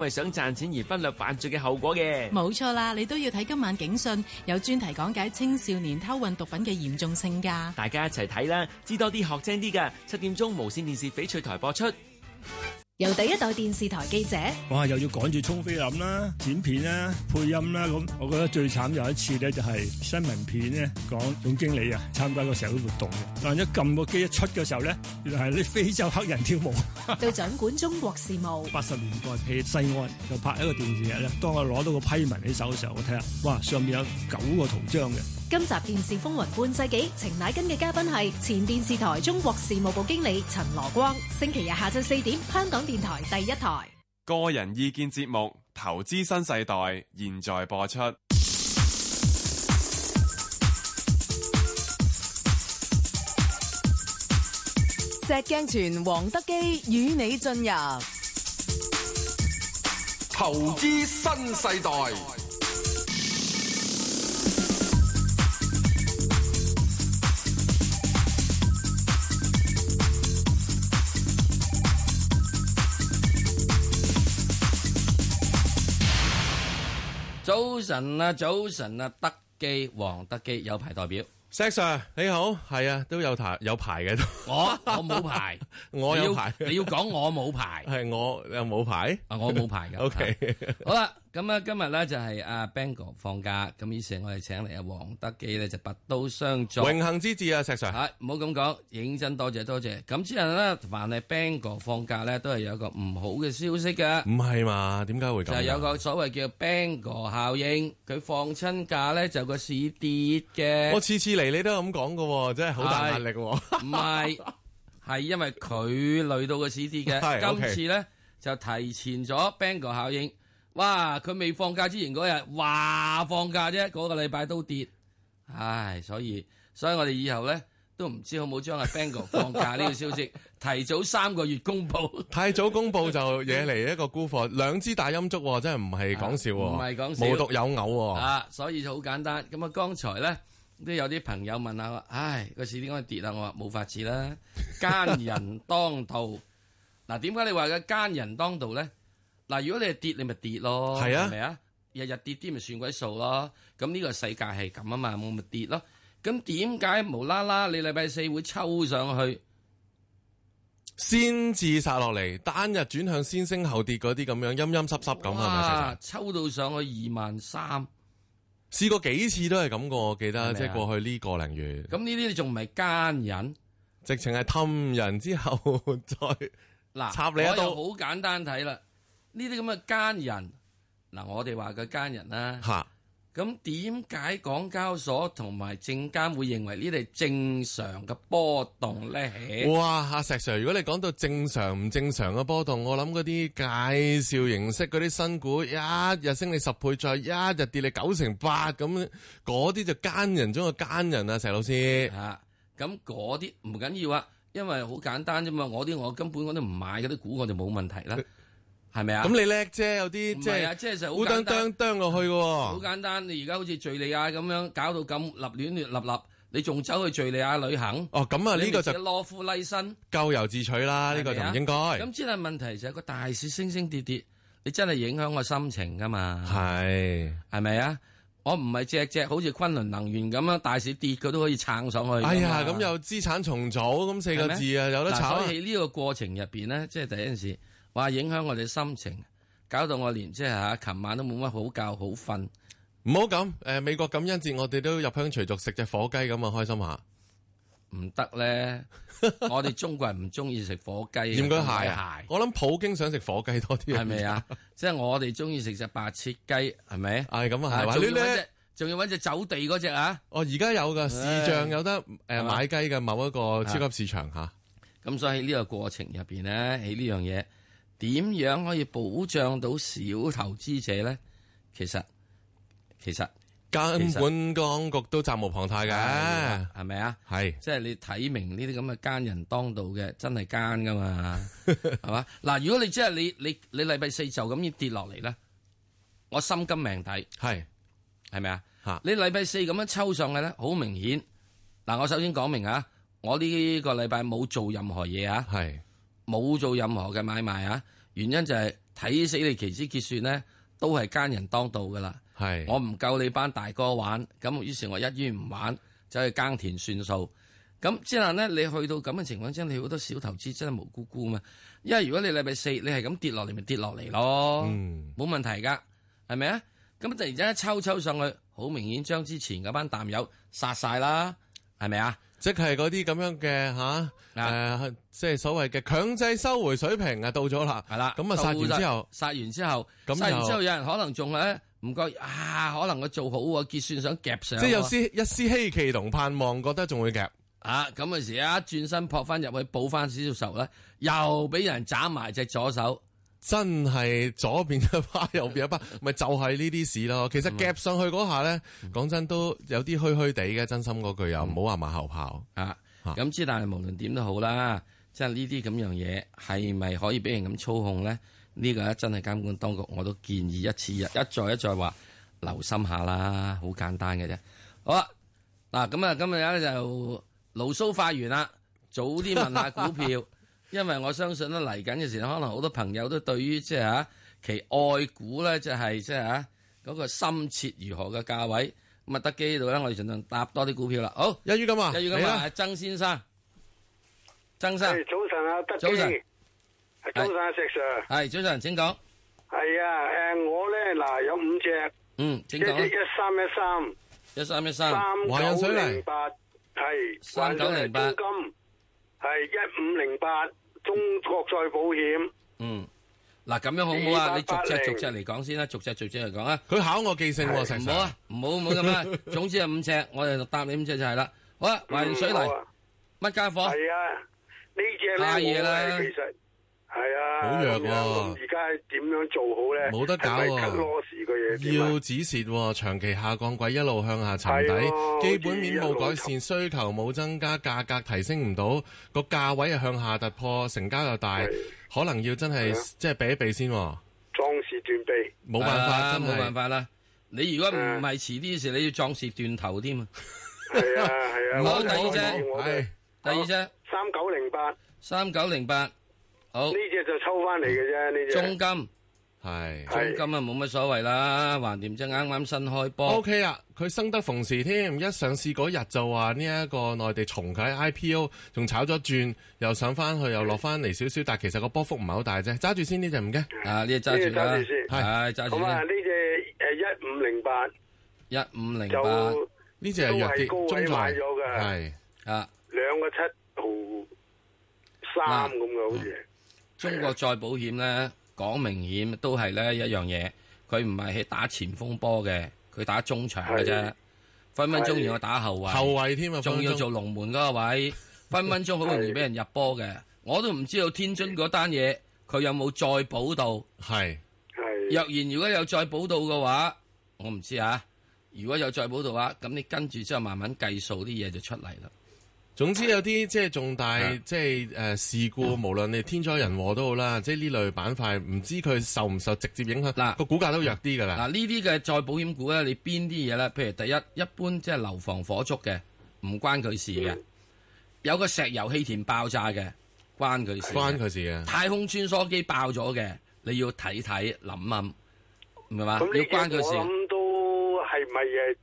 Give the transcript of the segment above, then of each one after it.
因為想賺錢而忽略犯罪嘅後果嘅，冇錯啦！你都要睇今晚警訊，有專題講解青少年偷運毒品嘅嚴重性噶，大家一齊睇啦，知多啲，學精啲噶。七點鐘無綫電視翡翠台播出。由第一代電視台記者，哇，又要趕住沖菲林啦、剪片啦、配音啦，咁我覺得最慘有一次咧，就係新聞片咧講總經理啊參加個社會活動嘅，但一撳個機一出嘅時候咧，原來係啲非洲黑人跳舞，對 掌管中國事務。八十年代譬如西安就拍一個電視劇咧，當我攞到個批文喺手嘅時候，我睇下，哇，上面有九個圖章嘅。今集電視風雲半世紀，程乃根嘅嘉賓係前電視台中國事務部經理陳羅光。星期日下晝四點，香港電台第一台。個人意見節目《投資新世代》現在播出。石鏡泉黃德幾，與你進入《投資新世代》。早晨啊，早晨啊，德幾黃德幾有牌代表，石 Sir 你好，係啊，都有牌有牌嘅都，我我冇牌，我要你要講我冇牌，係我又冇牌，啊我冇牌嘅，O K 好啦。咁啊，今日咧就係阿 Bang 哥放假，咁於是我哋請嚟阿黃德幾咧就拔刀相助，榮幸之至啊！石 Sir，唔好咁講，認真多謝多謝。咁之後咧，凡係 Bang 哥放假咧，都係有一個唔好嘅消息嘅。唔係嘛？點解會咁樣？就有個所謂叫 Bang 哥效應，佢放親假咧就個市跌嘅。我次次嚟你都係咁講噶，真係好大壓力。唔係，係因為佢累到個市跌嘅。今次咧就提前咗 Bang 哥效應。哇！佢未放假之前嗰日話放假啫，嗰個禮拜都跌，唉，所以所以我哋以後咧都唔知好唔好將阿 Bengal 放假呢個消息提早三個月公布，太早公布就惹嚟一個沽貨，兩支大陰燭真係唔係講笑，唔係講笑，冇獨有偶啊！所以好簡單，咁啊剛才咧都有啲朋友問下我，唉個市點解跌啊？我話冇法子啦，奸人當道嗱，點解你話嘅奸人當道咧？嗱，如果你係跌，你咪跌咯，係啊，係啊？日日跌啲咪算鬼數咯。咁呢個世界係咁啊嘛，冇咪跌咯。咁點解無啦啦？你禮拜四會抽上去，先至殺落嚟，單日轉向先升後跌嗰啲咁樣陰陰濕濕咁啊！哇嘩，係咪抽到上去二萬三，試過幾次都係咁個，我記得即係過去呢個零月。咁呢啲你仲唔係奸人？直情係氹人之後 再嗱插你一刀，好簡單睇啦。呢啲咁嘅奸人，嗱，我哋話嘅奸人啦，咁點解港交所同埋證監會認為呢啲正常嘅波動咧？哇，阿石 Sir，如果你講到正常唔正常嘅波動，我諗嗰啲介紹形式嗰啲新股，一日升你十倍再一日跌你九成八，咁嗰啲就奸人中嘅奸人啊，石老師。啊，咁嗰啲唔緊要啊，因為好簡單啫嘛。我啲我根本我都唔買嗰啲股，我就冇問題啦。係咪？啊？咁你叻啫，有啲即係即係，其實好簡單，跌落去嘅。好簡單，你而家好似敘利亞咁樣搞到咁立亂亂立立，你仲走去敘利亞旅行？哦，咁啊，呢個就係攞苦嚟辛咎由自取啦，呢個就唔應該。咁真係問題就係個大市升升跌跌，你真係影響個心情噶嘛？係係咪啊？我唔係只只好似崑崙能源咁樣，大市跌佢都可以撐上去。哎呀，咁有資產重組咁四個字啊，有得炒喺呢個過程入邊咧，即係第一件事。話影響我哋心情，搞到我連即係吓，琴晚都冇乜好覺好瞓。唔好咁，誒，美國感恩節，我哋都入鄉隨俗食隻火雞咁啊，開心下。唔得咧， 我哋中國人唔中意食火雞。點解？係我諗普京想食火雞多啲。係咪啊？即係我哋中意食隻白切雞，係咪？係咁啊！仲要搵隻，仲咻要搵隻走地嗰隻啊！哦，而家有噶市像有得誒買雞嘅某一個超級市場吓。咁所以喺呢個過程入邊咧，喺呢樣嘢，是點樣可以保障到小投資者咧？其實其實，其實監管當局都責無旁貸嘅，係咪啊？係，即係你睇明呢啲咁嘅奸人當道嘅，真係奸噶嘛，係嘛，啊？嗱， 如果你即係你你你禮拜四就咁要跌落嚟咧，我心甘命抵，係係咪啊？是你禮拜四咁樣抽上嘅咧，好明顯。嗱，我首先講明啊，我呢個禮拜冇做任何嘢啊。冇做任何嘅買賣啊！原因就係、是、睇死你。期指結算咧，都係奸人當道噶啦。係是我唔夠你班大哥玩，咁於是我一於唔玩，走去耕田算數。咁之後咧，你去到咁嘅情況之下，你好多小投資真係無辜辜嘛。因為如果你禮拜四你係咁跌落嚟，咪跌落嚟咯，冇、嗯、問題噶，係咪啊？咁突然之間抽一抽上去，好明顯將之前嗰班淡友殺晒啦，係咪啊？即係嗰啲咁樣嘅嚇，誒即係所謂嘅強制收回水平啊，到咗啦，係啦。咁啊殺完之後，殺完之後，殺完之後有人可能仲咧唔覺啊，可能佢做好啊結算想夾上，即係有絲一絲希冀同盼望，覺得仲會夾啊咁嘅時啊，一轉身撲翻入去補翻少少售咧，又俾人斬埋隻左手。真係左邊一巴右邊一巴，咪 就係呢啲事咯。其實夾上去嗰下咧，講 真都有啲虛虛地嘅。真心嗰句又唔好話馬後炮。嗯、啊，咁之、啊、但係無論點都好啦，即係呢啲咁樣嘢係咪可以俾人咁操控咧？呢、呢個真係監管當局，我都建議一次日一再一再話留心下啦。好簡單嘅啫。好啦，嗱咁啊，今日咧就牢騷發完啦，早啲問下股票。 因為我相信咧嚟緊嘅時候，可能好多朋友都對於即係吓其愛股咧，就係即係吓嗰個深切如何嘅價位。咁啊，德幾呢度咧，我哋盡量搭多啲股票啦。好，一於咁啊，一於咁啊，曾先生，曾生，早晨啊，德幾，早晨，係早晨啊，石 Sir，係早晨，請講。係啊，誒，我咧嗱有五隻，嗯，請講啦，一三一三，一三一三，三九零八，係，三九零八，金，係一五零八。中國再保險，嗯，嗱咁樣好唔好啊？你逐隻逐隻嚟講先啦，逐隻逐隻嚟講啊！佢考我記性喎，唔好啊，唔好唔好咁啊！總之係五隻，我哋就答你五隻就係啦。好啦，水泥嚟，乜家伙？係啊，呢隻太嘢啦。係啊，好弱，而家點樣做好咧？冇得搞啊！要止蝕，長期下降軌一路向下沉底，基本面冇改善，需求冇增加，價格提升唔到，個價位啊向下突破，成交又大，可能要真係即係避一避先。壯士斷臂，冇辦法真冇辦法啦！你如果唔係遲啲嘅時，你要壯士斷頭添啊！係啊係啊！好，第二隻，第二隻，三九零八，三九零八。好，呢隻就抽翻嚟嘅啫，呢隻。中金係中金啊，冇乜所謂啦，橫掂啫，啱啱新開波。O K 啊，佢生得逢時添，一上市嗰日就話呢一個內地重啟 I P O，仲炒咗轉，又上翻去，又落翻嚟少少，但係其實個波幅唔係好大啫，揸住先呢隻唔驚，啊，呢隻揸住先？係揸住先。呢隻誒一五零八一五零八呢隻係弱啲，高位買咗嘅係啊，兩個七毫三咁嘅好似。中國再保險呢，講明顯都係呢一樣嘢，佢唔係去打前鋒波嘅，佢打中場嘅啫。是分分鐘要打後衞，後衞添，仲要做龍門嗰個位，分分鐘好容易俾人入波嘅。是我都唔知道天津嗰單嘢，佢有冇再保到。係。若然如果有再保到嘅話，我唔知啊。如果有再保到嘅話，咁你跟住之後慢慢計數啲嘢就出嚟啦。總之有啲即係重大即係誒、呃、事故，無論你天災人禍都好啦，即係呢類板塊唔知佢受唔受直接影響，個啦股價都弱啲噶啦。嗱呢啲嘅再保險股咧，你邊啲嘢咧？譬如第一，一般即係樓房火燭嘅，唔關佢事嘅；嗯、有個石油氣田爆炸嘅，關佢事；關佢事嘅太空穿梭機爆咗嘅，你要睇睇諗諗，係嘛？你要關佢事。咁都係咪誒，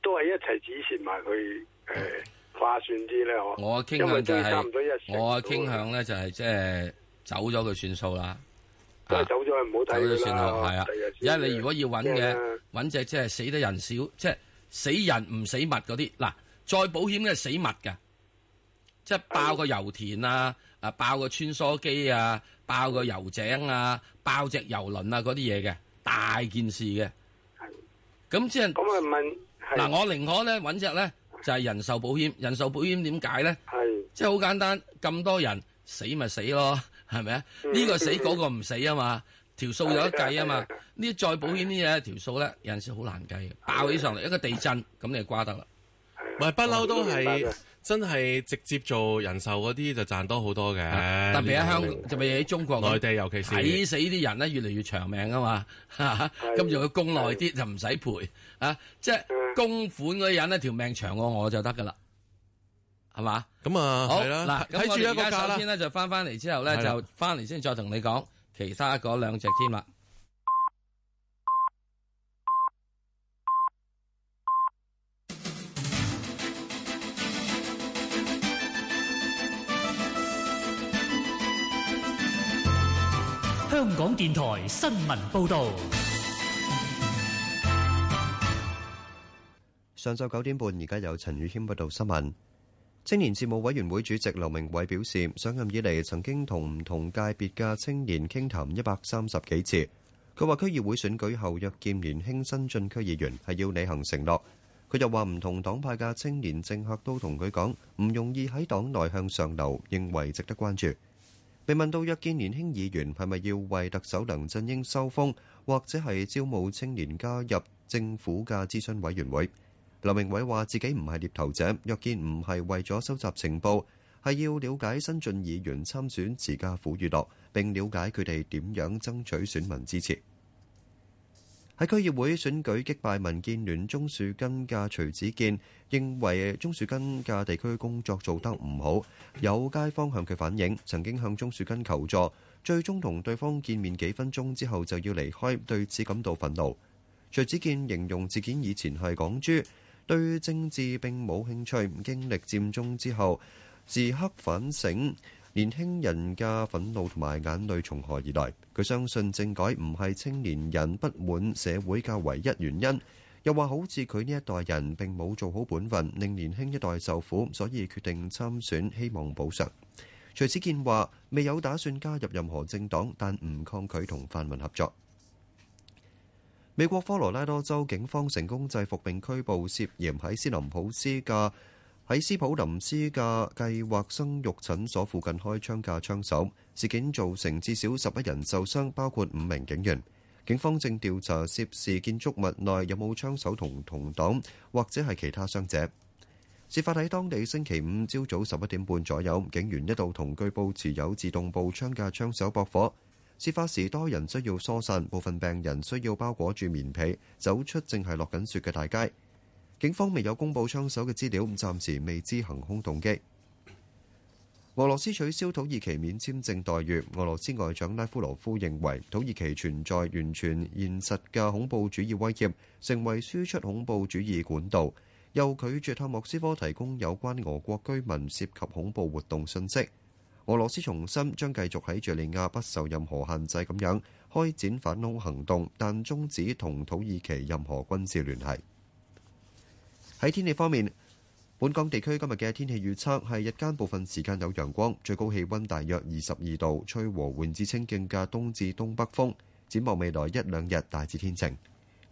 都係一齊支持埋佢誒。呃嗯划算啲咧，我傾向就係我傾向咧就係即係走咗佢算數啦，走咗佢唔好睇佢啦。係啊，而家你如果要揾嘅，揾隻即係死得人少，即係死人唔死物嗰啲。嗱，再保險嘅死物嘅，即係爆個油田啊，啊爆個穿梭機啊，爆個油井啊，爆隻油輪啊嗰啲嘢嘅，大件事嘅。咁即係嗱，我寧可咧揾隻咧。就係人壽保險，人壽保險點解咧？係的，即係好簡單，咁多人死咪死咯，係咪啊？呢、這個死嗰、那個唔死啊嘛，條數有得計啊嘛。呢的再保險啲嘢的條數咧，有陣時好難計，爆起上嚟一個地震咁的你就瓜得啦，的喂，啊、不嬲都係。真係直接做人壽嗰啲就賺多好多嘅，特別喺香，特別喺中國內地尤其是睇死啲人咧，越嚟越長命啊嘛，咁仲要供耐啲就唔使賠啊，即係供款嗰啲人呢，條命長過我就得噶啦，係嘛？咁啊，好啦，嗱，咁住一家首先咧就翻翻嚟之後咧就翻嚟先再同你講其他嗰兩隻添啦。香港電台新聞報道：上晝九點半，而家有陳宇謙報道新聞。青年事務委員會主席劉明偉表示，上任以嚟曾經同唔同界別嘅青年傾談一百三十幾次。佢話區議會選舉後，約見年輕新進區議員係要履行承諾。佢又話唔同黨派嘅青年政客都同佢講唔容易喺黨內向上流，認為值得關注。被問到約見年輕議員係咪要為特首梁振英收風，或者係招募青年加入政府嘅諮詢委員會，劉明偉話自己唔係獵頭者，約見唔係為咗收集情報，係要了解新進議員參選時嘅苦與樂，並了解佢哋點樣爭取選民支持。喺區議會選舉擊敗民建聯鍾樹根嘅徐子健認為鍾樹根嘅地區工作做得唔好，有街坊向佢反映，曾經向鍾樹根求助，最終同對方見面幾分鐘之後就要離開，對此感到憤怒。徐子健形容自己以前係港豬，對政治並冇興趣，經歷佔中之後，時刻反省。年輕人嘅憤怒同埋眼淚從何而來？佢相信政改唔係青年人不滿社會嘅唯一原因。又話好似佢呢一代人並冇做好本分，令年輕一代受苦，所以決定參選，希望補償。徐子健話未有打算加入任何政黨，但唔抗拒同泛民合作。美國科羅拉多州警方成功制服並拘捕涉嫌喺斯林普斯嘅喺斯普林斯嘅計劃生育診所附近開槍嘅槍手，事件造成至少十一人受傷，包括五名警員。警方正調查涉事建築物內有冇槍手同同黨，或者係其他傷者。事發喺當地星期五朝早十一點半左右，警員一度同據報持有自動步槍嘅槍手駁火。事發時多人需要疏散，部分病人需要包裹住棉被走出正係落緊雪嘅大街。警方未有公布槍手嘅資料，暫時未知行凶動機。俄羅斯取消土耳其免簽證待遇。俄羅斯外長拉夫羅夫認為土耳其存在完全現實嘅恐怖主義威脅，成為輸出恐怖主義管道，又拒絕向莫斯科提供有關俄國居民涉及恐怖活動信息。俄羅斯重申將繼續喺敘利亞不受任何限制咁樣開展反恐行動，但終止同土耳其任何軍事聯繫。喺天氣方面，本港地區今日嘅天氣預測係日間部分時間有陽光，最高氣溫大約二十二度，吹和緩至清勁嘅東至東北風。展望未來一兩日大致天晴。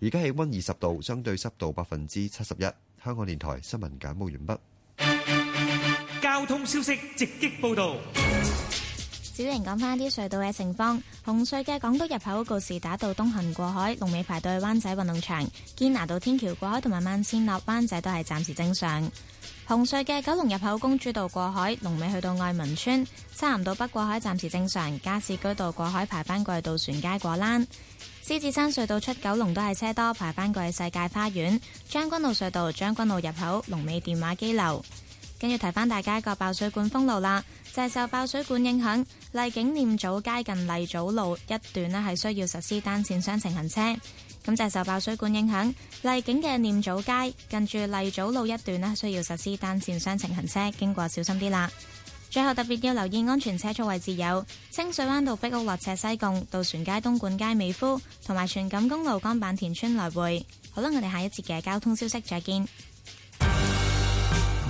而家氣溫二十度，相對濕度百分之七十一。香港電台新聞簡報完畢。交通消息直擊報道。小瑩講返啲隧道嘅情況，紅隧嘅港島入口告士打道東行過海龍尾排到去灣仔運動場，堅拿道天橋過海同埋慢線落灣仔都係暫時正常。紅隧嘅九龍入口公主道過海龍尾去到愛民村，漆咸道北過海暫時正常。加士居道過海排返過去渡船街果欄，獅子山隧道出九龍都係車多，排返過去世界花園將軍澳隧道將軍澳入口龍尾電話機樓，跟住提翻大家個爆水管封路啦。就係受爆水管影響，麗景念祖街近麗祖路一段咧係需要實施單線雙程行車。咁就係受爆水管影響，麗景嘅念祖街近住麗祖路一段咧需要實施單線雙程行車，經過小心啲啦。最後特別要留意安全車速位置有清水灣道壁屋落斜西貢、渡船街東莞街美孚同埋荃錦公路江板田村來回。好啦，我哋下一節嘅交通消息再見。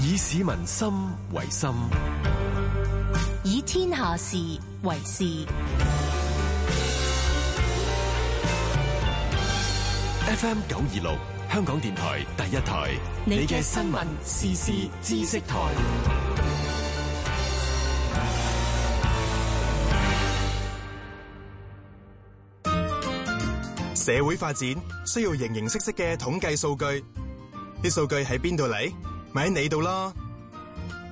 以市民心為心。天下事為事，FM 九二六香港電台第一台，你嘅新聞時事知識台。社會發展需要形形色色嘅統計數據，啲數據喺邊度嚟？咪喺你度咯。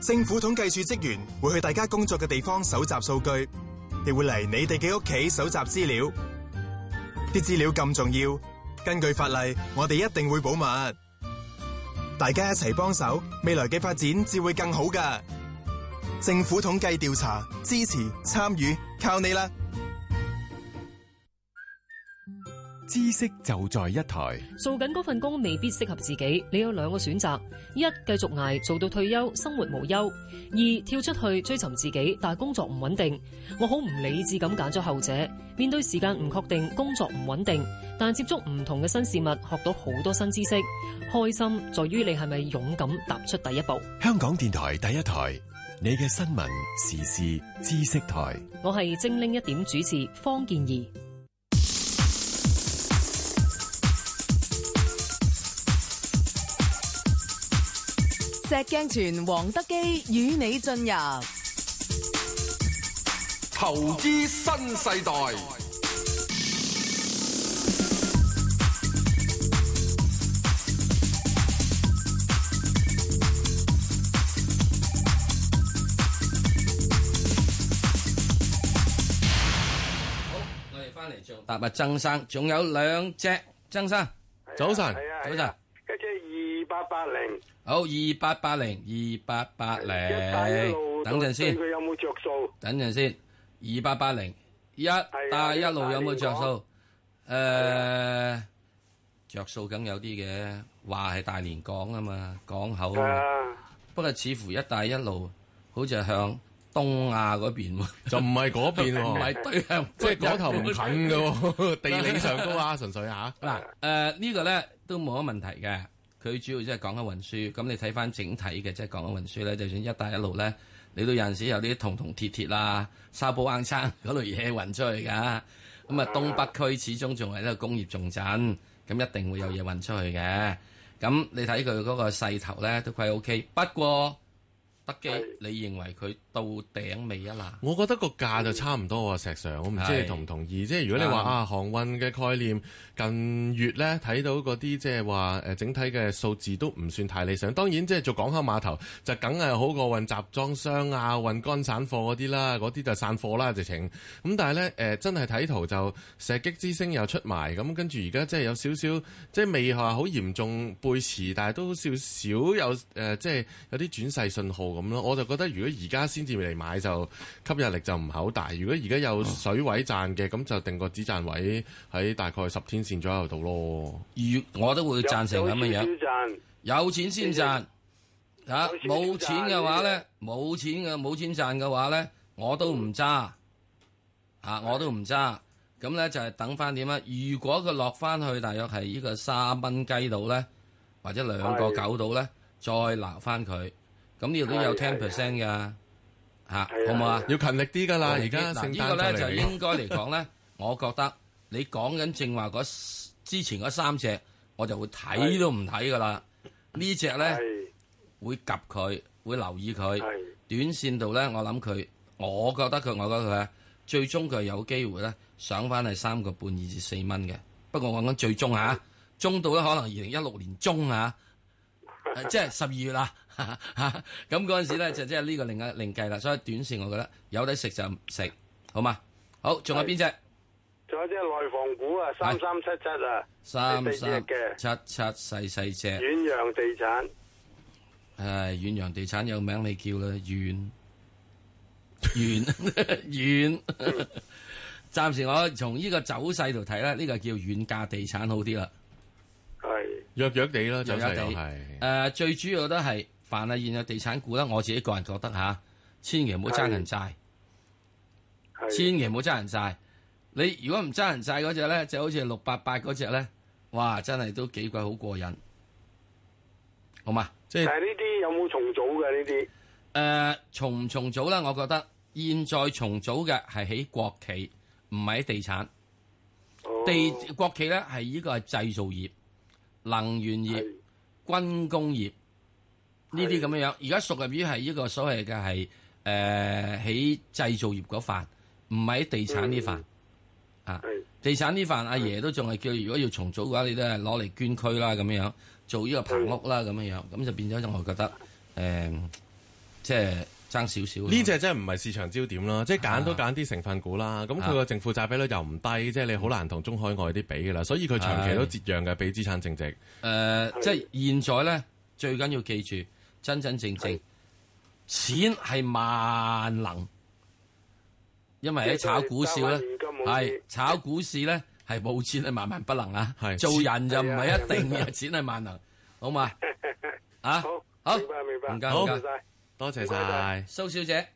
政府統計處職員會去大家工作嘅地方搜集數據，亦會嚟你哋嘅屋企搜集資料。啲資料咁重要，根據法例，我哋一定會保密。大家一齊幫手，未來嘅發展至會更好㗎。政府統計調查，支持參與，靠你喇！.知識就在一台。做緊嗰份工未必適合自己，你有兩個選擇：一繼續挨做到退休，生活無憂；二跳出去追尋自己，但工作唔穩定。我好唔理智咁揀咗後者。面對時間唔確定，工作唔穩定，但接觸唔同嘅新事物，學到好多新知識，開心在於你係咪勇敢踏出第一步。香港電台第一台，你嘅新聞時事知識台，我係精靈一點主持方健儀。石鏡泉黃德幾，與你進入投資新世代。好，我哋翻嚟做答啊曾生，仲有兩隻曾生，早晨，早晨。八八零，好二八八零二八八零，等陣先，佢有冇着數？等陣先，二八八零，一帶一路有冇着數？誒，着數梗有啲嘅，話係大連港啊嘛，港口啊，不過似乎一帶一路好似係向東亞嗰邊喎，就唔係嗰邊喎，唔係對向，即係嗰頭唔近嘅，地理上高啊，純粹吓。嗱，誒呢個咧都冇乜問題嘅。佢主要即係講緊運輸，咁你睇翻整體嘅，即係講緊運輸咧，就算一帶一路咧，你都有陣時有啲銅銅鐵鐵啦、啊、砂煲罌罉嗰類嘢運出去㗎。咁啊，東北區始終仲係一個工業重鎮，咁一定會有嘢運出去嘅。咁你睇佢嗰個勢頭咧都幾 OK，不過。石基，你認為佢到頂未啊？嗱，我覺得個價就差唔多啊，石 Sir，我唔知你同唔同意？即係的如果你話啊，航運嘅概念近月咧，睇到嗰啲即係話誒整體嘅數字都唔算太理想。當然，即係做港口碼頭就梗係好過運集裝箱啊、運乾散貨嗰啲啦，嗰啲就散貨啦直情。咁但係咧誒，真係睇圖就射擊之星又出埋，咁跟住而家即係有少少即係未話好嚴重背馳，但係都少少有誒，即、呃、係、就是、有啲轉勢信號。咁咯，我就覺得如果而家先至嚟買就吸引力就唔係好大。如果而家有水位賺嘅，咁、啊、就定個止賺位喺大概十天線左右度咯。如我都會贊成咁嘅樣。有錢先賺，嚇冇錢嘅、啊、話咧，冇錢嘅冇錢,錢,錢賺嘅話咧，我都唔揸，嚇、嗯啊、我都唔揸。咁咧就係、是、等翻點啊？如果佢落翻去，大約係呢個三蚊雞度咧，或者兩個九度咧，的再拿翻佢。咁呢度都有 ten percent 噶，吓好唔好啊？要勤力啲噶啦，而家呢個咧就應該嚟講咧， 我覺得你講緊正話嗰之前嗰三隻，我就會睇都唔睇噶啦。對隻呢隻咧，對會及佢，會留意佢。對短線度咧，我諗佢，我覺得佢，我覺得佢咧，最終佢係有機會咧上翻係三個半二至四蚊嘅。不過我講緊最終嚇、啊，中到咧可能二零一六年中嚇，即係十二月啦。 咁嗰陣時咧，就即係呢個另加另計啦。所以短線我覺得有得食就唔食，好嘛？好，仲有邊隻？仲有隻內房股啊，三三七七啊，三細嘅七七細細隻。遠洋地產係，遠洋地產有名你叫啦，遠遠遠。暫 遠 時我從呢個走勢度睇咧，呢、這個叫遠價地產好啲啦。係是弱弱地咯，走勢係誒，最主要都係。凡係現在地產股咧，我自己個人覺得吓，千祈唔好爭人債，的千祈唔好爭人債。的你如果唔爭人債嗰隻咧，就好似六八八嗰隻咧，哇！真係都幾鬼好過癮，好嘛？即係但係呢啲有冇重組嘅呢啲？誒、呃、重唔重組咧？我覺得現在重組嘅係喺國企，唔係喺地產。哦、地國企咧係呢、呢個係製造業、能源業、的軍工業。呢啲咁樣樣，而家屬於於係一個所謂嘅係，誒喺製造業嗰範，唔係喺地產呢範，啊，地產呢範，阿爺都仲係叫，如果要重組嘅話，你都係攞嚟捐區啦，咁樣樣，做呢個棚屋啦，咁樣樣，咁就變咗就我覺得，誒，即係爭少少。呢隻真係唔係市場焦點啦，即係揀都揀啲成分股啦，咁佢個淨負債比率又唔低，即係你好難同中海外啲比噶啦，所以佢長期都折讓嘅，比資產淨值。誒，即係現在咧，最緊要記住。真真正正，錢係萬能，因為喺炒股市咧，係炒股市咧係冇錢係萬萬不能啊！係做人就唔係一定有錢係萬能，好嘛？啊，好，明白明白，唔該唔該晒，多謝晒，蘇小姐，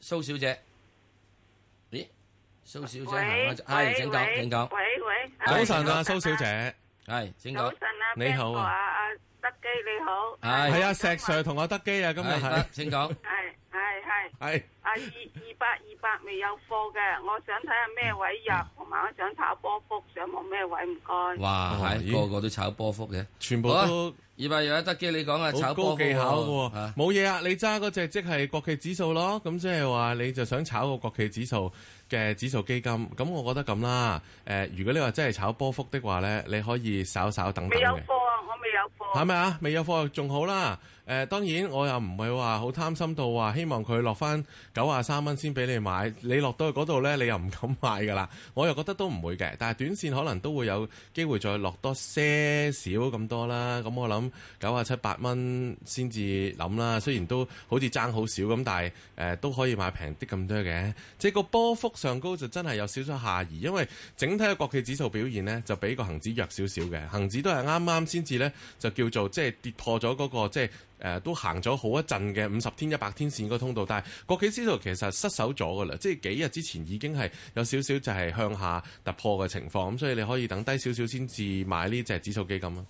蘇小姐，咦？蘇小姐，哎，請講請講，喂喂，早晨啊，蘇小姐，係，請講，你好啊，阿阿。德基你好，係係阿石 Sir 同我德基啊，今日係，請講，係係係係，啊二二八二百未有貨嘅，我想睇下咩位入，同埋我想炒波幅，想冇咩位唔該。哇，係個個都炒波幅嘅，全部都。二百，入得德基，你講啊，炒高技巧冇嘢啊，你揸嗰隻即係國企指數咯，咁即係話你就想炒個國企指數嘅指數基金，咁我覺得咁啦，誒，如果你話真係炒波幅的話咧，你可以稍稍等係咪啊？未有貨，仲好啦。誒、呃、當然我又唔會話好貪心到話希望佢落翻九啊三蚊先俾你買，你落到去嗰度呢，你又唔敢買㗎啦。我又覺得都唔會嘅，但係短線可能都會有機會再落多些少咁多啦。咁、嗯、我諗九啊七八蚊先至諗啦。雖然都好似爭好少咁，但係誒、呃、都可以買平啲咁多嘅。即、這、係個波幅上高就真係有少少下移，因為整體嘅國企指數表現呢，就比個恒指弱少少嘅。恒指都係啱啱先至呢，就叫做即係、就是、跌破咗嗰、那個即係。就是誒、呃、都行咗好一陣嘅五十天、一百天線個通道，但係國企指數其實失守咗㗎啦，即係幾日之前已經係有少少就係向下突破嘅情況，咁所以你可以等低少少先至買呢隻指數基金啦。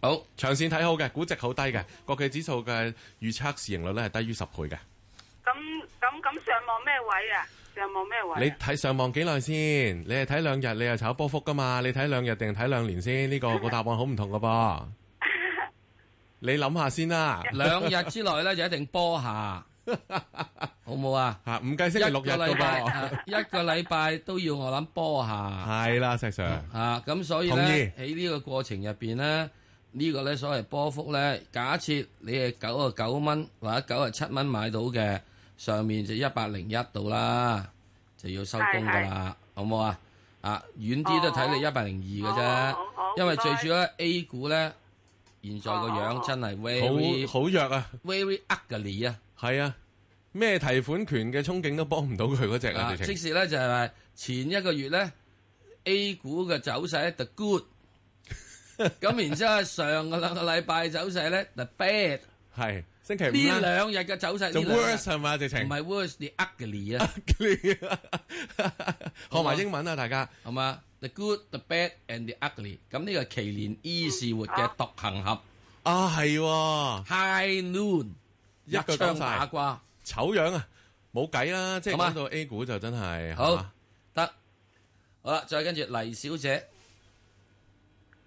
好長線睇好嘅，估值好低嘅，國企指數嘅預測市盈率咧係低於十倍嘅。咁咁咁上望咩位啊？上望咩位、啊你網？你睇上望幾耐先？你係睇兩日，你係炒波幅㗎嘛？你睇兩日定睇兩年先？呢、呢個、個答案好唔同㗎噃。 你諗下先啦，兩日之內咧 就一定波下，好冇啊？吓、啊，唔計星期六日一個禮拜、 啊，一個禮拜都要我諗波下。係啦，石 Sir。吓，咁所以咧喺呢個過程入邊咧，這個、呢個咧所謂波幅咧，假設你係九啊九蚊或者九啊七蚊買到嘅，上面就一百零一度啦，就要收工噶啦，是是好冇啊？啊，遠啲都睇你一百零二嘅啫，因為最主要咧 A 股咧。現在個樣真係 very 好弱啊，very ugly 啊，係啊，咩提款權嘅憧憬都幫唔到佢嗰隻啊。即使咧就係話前一個月咧 A 股嘅走勢咧 the good，咁然之後上個兩個禮拜走勢咧 the bad，係星期五啦。呢兩日嘅走勢就 worse 係嘛？直情唔係 worse，the ugly 啊。學埋英文啊，大家好嘛？The good, the bad and the ugly。咁呢個奇連伊士活嘅獨行俠啊，係 High Noon，一個槍打瓜，醜樣啊，冇計啦。即係講到 A 股就真係好得，好啦，再跟住黎小姐，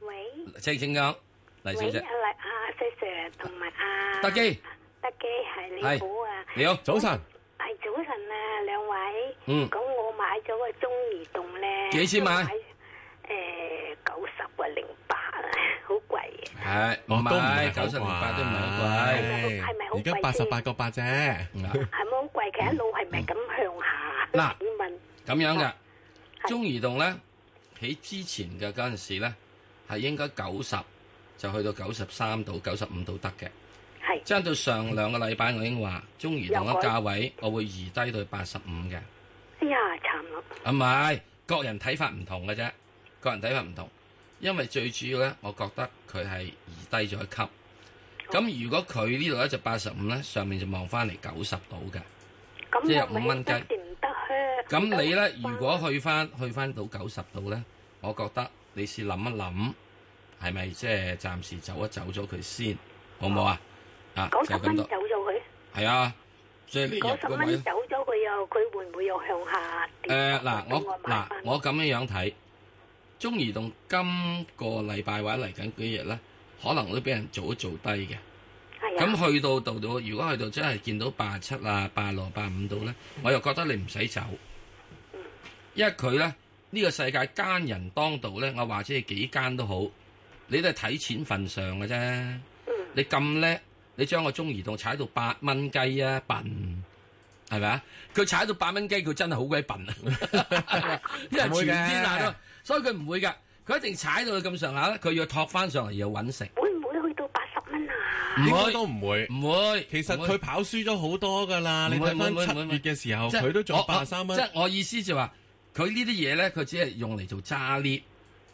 喂，請請講，黎小姐，阿黎啊，石 Sir 同埋啊，德幾，德幾係你好啊，你好早晨，係早晨啊，兩位，嗯，咁我買咗個中移動咧，幾錢買？係唔係九十年八都唔係，係咪好貴？而家八十八個八啫，係咪好貴？其實一路係咪咁向下？嗱，咁樣嘅中移動咧，喺之前嘅嗰陣時咧，係應該九十就去到九十三到九十五都得嘅。係，即係到上兩個禮拜我已經話，中移動嘅價位我會移低到去八十五嘅。哎呀，慘咯，唔係，個人睇法唔同嘅啫，個人睇法唔同。因為最主要咧，我覺得佢係移低咗一級。咁如果佢呢度咧就八十五咧，上面就望翻嚟九十度嘅，即係五蚊雞。咁你咧，如果去翻去翻到九十度咧，我覺得你試諗一諗，係咪即係暫時走一走咗佢先，好唔好啊？啊，九十蚊走咗佢。係啊，所以你入嗰位。九十蚊走咗佢又，佢會唔會又向下？誒嗱，我嗱我咁樣樣睇。中移動今個禮拜或者嚟緊幾日咧，可能我都俾人做一做低嘅。咁、哎、呀去到到到，如果去到真係見到八七啊、八六、八五度咧，我又覺得你唔使走，因為佢咧呢、呢個世界奸人當道咧，我話者幾奸都好，你都係睇錢份上嘅啫、嗯。你咁叻，你將個中移動踩到八蚊雞啊笨，係咪 啊？佢踩到八蚊雞，佢真係好鬼笨啊！因為所以佢唔會噶，佢一定踩到佢咁上下咧。佢要托翻上嚟，要揾食。會唔會去到八十蚊啊？唔會，應該都唔會，唔會。其實佢會跑輸咗好多噶啦。會你睇翻七月嘅時候，佢會即都做八十三蚊。我我即我意思就話，佢呢啲嘢咧，佢只係用嚟做揸裂，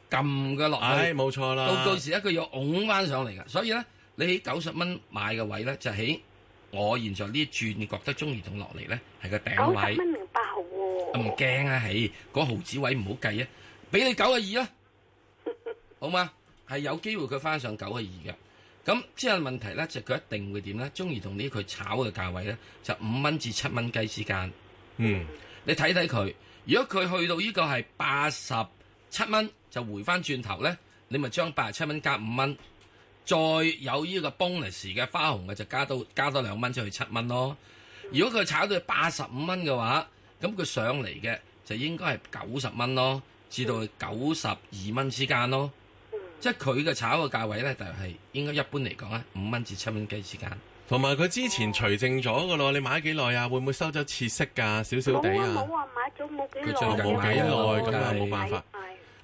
撳嘅落去。冇、哎、錯啦。到到時咧，佢要拱翻上嚟嘅。所以咧，你喺九十蚊買嘅位咧，就喺我現在呢轉角得中移動落嚟咧，係個頂位。九八毫唔驚啊！喺嗰毫子位唔好計啊！俾你九個二啦，好嘛？係有機會佢返上九個二嘅。咁之後問題咧就佢一定會點咧？鍾意同呢佢炒嘅價位咧，就五蚊至七蚊雞之間。嗯，你睇睇佢。如果佢去到呢個係八十七蚊，就回返轉頭咧，你咪將八十七蚊加五蚊，再有呢個 bonus 嘅花紅咪就加多加多兩蚊，出去七蚊咯。如果佢炒到八十五蚊嘅話，咁佢上嚟嘅就應該係九十蚊咯。至到九十二蚊之間咯，即係佢嘅炒嘅價位咧，就係、是、應該一般嚟講咧，五蚊至七蚊雞之間。同埋佢之前除淨咗嘅咯，你買幾耐啊？會唔會收咗設息㗎？少少地啊！冇冇話買咗冇幾耐冇幾耐咁啊，冇辦法。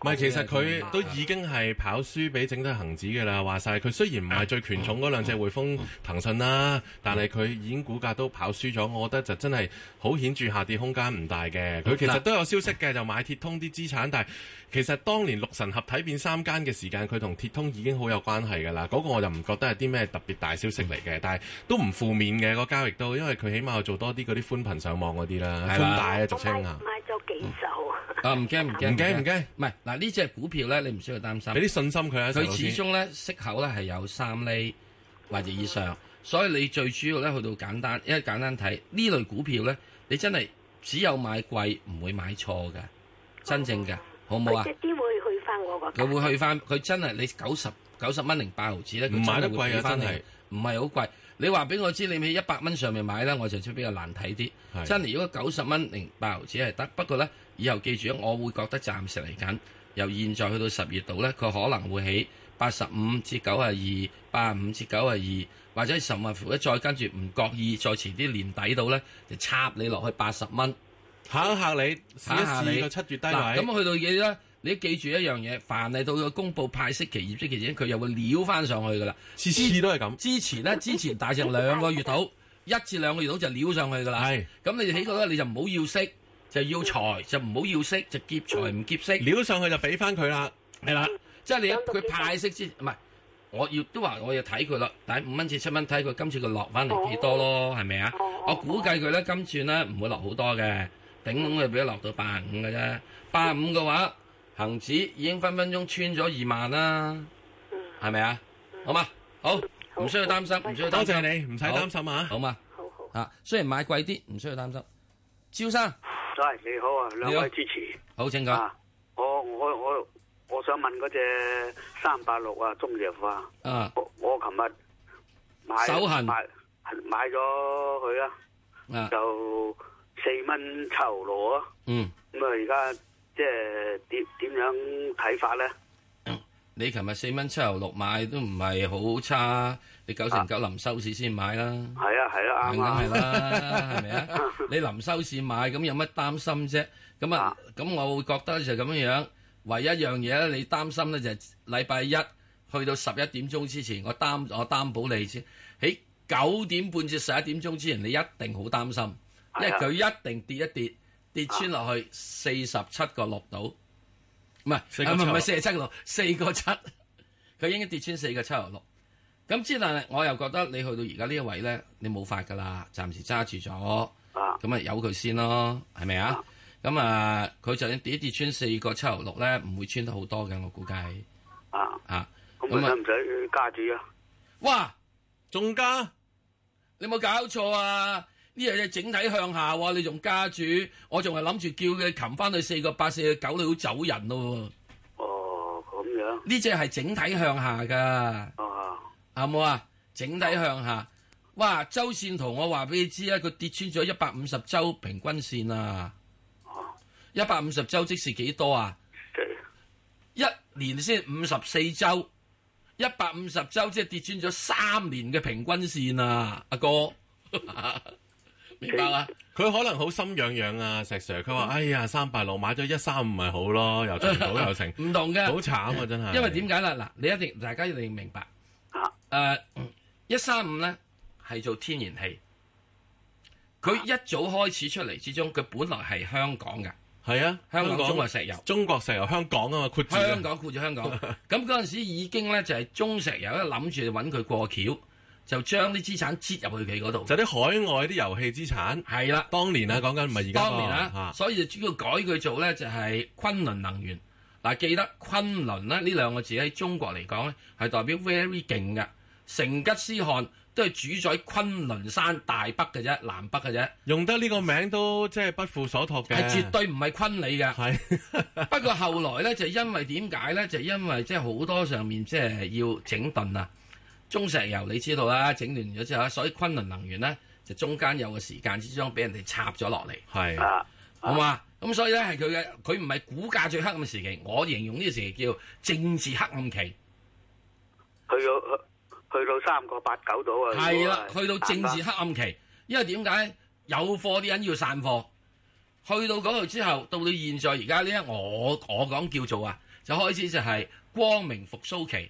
唔係，其實佢都已經係跑輸畀整體恒指嘅啦。話晒，佢雖然唔係最權重嗰兩隻匯豐、騰訊啦，但係佢已經股價都跑輸咗。我覺得就真係好顯著下跌空間唔大嘅。佢其實都有消息嘅，就買鐵通啲資產，但係。其實當年六神合體變三間嘅時間，佢同鐵通已經好有關係㗎啦。嗰個我就唔覺得係啲咩特別大消息嚟嘅，但係都唔負面嘅個交易都，因為佢起碼做多啲嗰啲寬頻上網嗰啲啦，寬帶啊俗稱啊。買咗幾手啊？啊唔驚唔驚唔驚唔驚，唔係嗱呢隻股票咧，你唔需要擔心俾啲信心佢啦。佢始終咧息口咧係有三厘或者以上，所以你最主要咧去到簡單，因為簡單睇呢類股票咧，你真係只有買貴唔會買錯嘅，真正嘅。好唔好啊？啲會去翻我佢會去翻，佢真係你九十九十蚊零八毫紙咧，佢真會返買得會跌翻嚟。唔係好貴，你話俾我知你喺一百蚊上面買啦，我就出比較難睇啲。的真係如果九十蚊零八毫紙係得，不過咧，以後記住咧，我會覺得暫時嚟緊由現在去到十月度咧，佢可能會起八十五至九啊二，八啊五至九啊二，或者十萬伏，者再跟住唔覺意再遲啲年底到咧，就插你落去八十蚊。睇下你，睇一下你七月低位咁、啊、去到嘢咧，你記住一樣嘢，凡係到咗公佈派息期、業績期嘅，佢又會撩翻上去噶啦。次次都係咁。之前咧，之前大隻兩個月倒，一至兩個月倒就撩上去噶啦。係是。咁你起過咧，你就唔好要，要息，就要財，就唔好要，要息，就劫財唔劫息。撩上去就俾翻佢啦。係啦，即係你一佢派息之前，唔係，我要都話我要睇佢啦。但係五蚊至七蚊睇佢今次佢落翻嚟幾多咯？係咪啊？我估計佢咧今次咧唔會落好多嘅。頂籠佢俾佢落到八十五嘅啫，八十五嘅話，恆指已經分分鐘穿咗二萬啦，係咪啊？好嘛，好，唔需要擔心，唔需要擔心，多謝你，唔使擔心嚇，好嘛，嚇，雖然買貴啲，唔需要擔心。招生，係你好啊，兩位支持，好請講，我我我我想問嗰隻三八六啊，中藥化，啊，我琴日買買買咗佢啊。就。四蚊七毫六啊，嗯，咁啊，而家即係點點樣睇法咧你琴日四蚊七毫六買都唔係好差，你九成九臨收市先買啦，係啊係啊，啱啦，係咪啊？你臨收市買咁有乜擔心啫？咁啊，咁我會覺得就係咁樣樣，唯一一樣嘢咧，你擔心咧就係禮拜一去到十一點鐘之前，我擔我擔保你先喺九點半至十一點鐘之前，你一定好擔心。因為佢一定跌一跌，跌穿落去、啊、四十七個六度，唔係唔唔係四十七個六四個七，佢應該跌穿四個七六六。咁之但係，我又覺得你去到而家呢一位咧，你冇法噶啦，暫時揸住咗，咁啊由佢先咯，係咪啊？咁啊，佢就算跌一跌穿四個七六六咧，唔會穿得好多嘅，我估計。啊啊，咁啊唔使加住啦。哇，仲加？你冇搞錯啊！呢樣嘢整體向下，你仲加住，我仲係諗住叫佢擒翻佢四個八四嘅九，你好走人咯、啊。哦，咁樣呢只係整體向下噶。哦、啊，啱冇啊，整體向下。哇，周線圖我話俾你知咧，佢跌穿咗一百五十周平均線啊。一百五十周即是幾多啊？了一年先五十四周，一百五十周即係跌穿咗三年嘅平均線啊，阿哥。 明白啦，佢可能好心癢癢啊，石 Sir，佢話：哎呀，三八六買咗一三五，咪好咯，又賺到又成。 的」唔同嘅，好慘啊，真係。因為點解啦？嗱是，你一定大家一定要明白誒，一三五咧係做天然氣，佢一早開始出嚟之中，佢本來係香港嘅。係啊中國，香港啊，石油，中國石油香港啊嘛，括住。香港括住香港，咁嗰陣時已經咧就係中石油咧諗住揾佢過橋。就將啲資產切入去佢嗰度，就啲海外啲油氣資產。係啦的，當年啊講緊唔係而家。當年啊，所以就主要改佢做咧，就係、是、昆崙能源。嗱、啊，記得昆崙咧呢兩個字喺中國嚟講咧，係代表 very 勁嘅。成吉思汗都係主宰昆崙山大北嘅啫，南北嘅啫。用得呢個名都即係、就是、不負所託」嘅。係絕對唔係昆理嘅。係是的。 不過後來咧，就因為點解咧？就因為即係好多上面即係要整頓啊。中石油你知道啦，整亂咗之後，所以昆崙能源咧就中間有個時間之中俾人哋插咗落嚟，係啊，好嘛吧？咁、啊、所以咧係佢嘅，佢唔係股價最黑暗嘅時期，我形容呢個時期叫政治黑暗期。去到去到三個八九度啊！係啦，去到政治黑暗期，啊、因為點解有貨啲人要散貨？去到嗰度之後，到到現在而家呢，我我講叫做啊，就開始就係光明復甦期。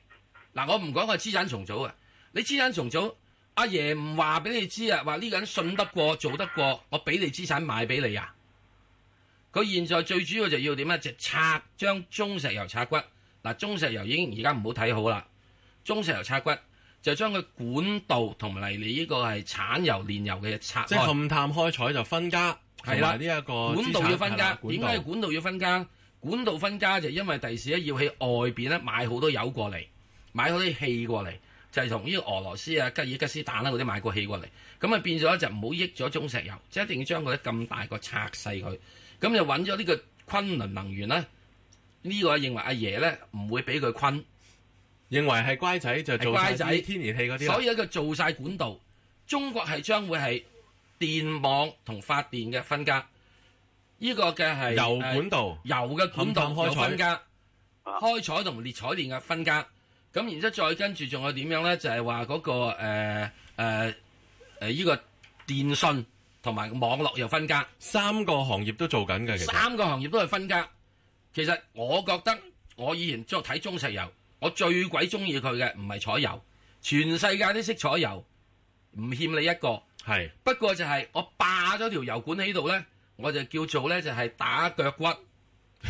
嗱，我唔講個資產重組啊！你資產重組，阿爺唔話俾你知啊，話呢個人信得過，做得過，我俾你資產買俾你啊！佢現在最主要就要點啊？就拆將中石油拆骨嗱，中石油已經而家唔好睇好啦。中石油拆骨就將佢管道同埋嚟你呢個係產油煉油嘅一拆即係勘探開採就分家，係啦呢一個管道要分家，點解管，管道要分家？管道分家就因為第時咧要喺外邊咧買好多油過嚟。買嗰啲氣過嚟，就係同呢個俄羅斯啊、吉爾吉斯斯坦啦嗰啲買過氣過嚟，咁啊變咗就唔好益咗中石油，即、就是、一定要將佢啲咁大個拆細佢，咁就揾咗呢個昆崙能源啦。呢、這個我認為阿爺咧唔會俾佢昆，認為係乖仔就做晒天然氣啲，所以佢做晒管道，中國係將會係電網同發電嘅分隔，呢、這個嘅係油管道、油嘅管道嘅分隔、啊、開採同列採電嘅分隔。咁然之後，再跟住仲有點樣咧？就係話嗰個誒誒誒呢個電信同埋網絡又分家，三個行業都做緊嘅，其實三個行業都係分家。其實我覺得我以前做睇中石油，我最鬼中意佢嘅，唔係採油，全世界都識採油，唔欠你一個係。是不過就係我霸咗條油管喺度咧，我就叫做咧就係打腳骨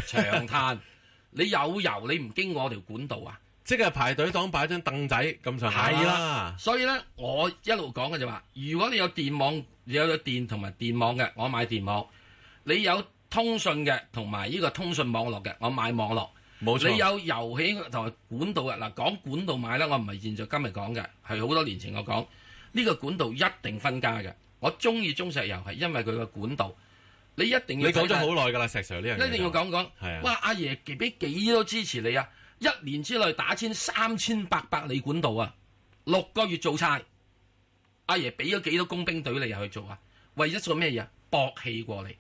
長嘆。 你有油，你唔經過我條管道啊？即係排隊黨擺張凳仔咁上下啦。係啊、所以咧，我一路講嘅就話：如果你有電網，你有咗電同埋電網嘅，我買電網；你有通訊嘅同埋呢個通訊網絡嘅，我買網絡。冇錯。你有遊戲同埋管道嘅嗱，講管道買咧，我唔係現在今日講嘅，係好多年前我講呢、呢個管道一定分家嘅。我中意中石油係因為佢個管道，你一定要看看。你講咗好耐㗎啦，石 Sir 呢樣嘢一定要講講。係、啊、哇！阿爺俾幾多支持你啊？一年之內打千三千八百里管道啊！六個月做晒，阿爺俾咗幾多工兵隊你又去做啊？為咗做咩嘢？駁氣過嚟，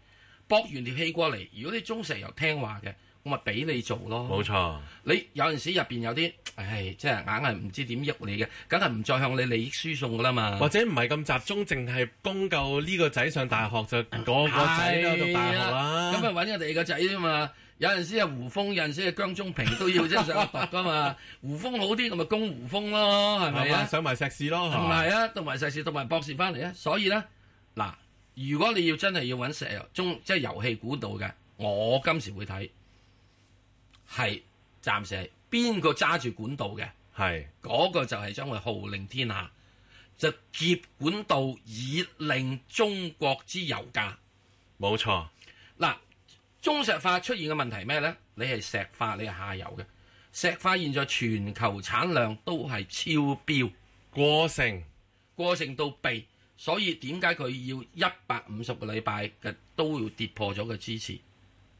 駁完條氣過嚟，如果你中石油聽話嘅，我咪俾你做咯。冇錯，你有陣時入邊有啲，唉，即係硬係唔知點喐你嘅，梗係唔再向你利益輸送噶啦嘛。或者唔係咁集中，淨係供夠呢個仔上大學、嗯、就個個仔都喺度大學啦，咁咪搵我第二個仔啫嘛。有陣時啊，胡豐，有陣時啊，姜中平都要啫，上得噶嘛？ 胡豐好啲，我咪攻胡豐咯，係咪啊？上埋碩士咯，嚇吧！唔係啊，讀埋碩士，讀埋博士翻嚟啊！所以咧，嗱，如果你要真係要揾石油中，即係油氣管道嘅，我今時會睇，係暫時係邊個揸住管道嘅，係嗰是個就係將會號令天下，就結管道以令中國之油價，冇錯。中石化出現嘅問題咩咧？你係石化，你係下游嘅石化。現在全球產量都係超標過剩，過剩到痹，所以點解佢要一百五十個禮拜嘅都要跌破咗嘅支持？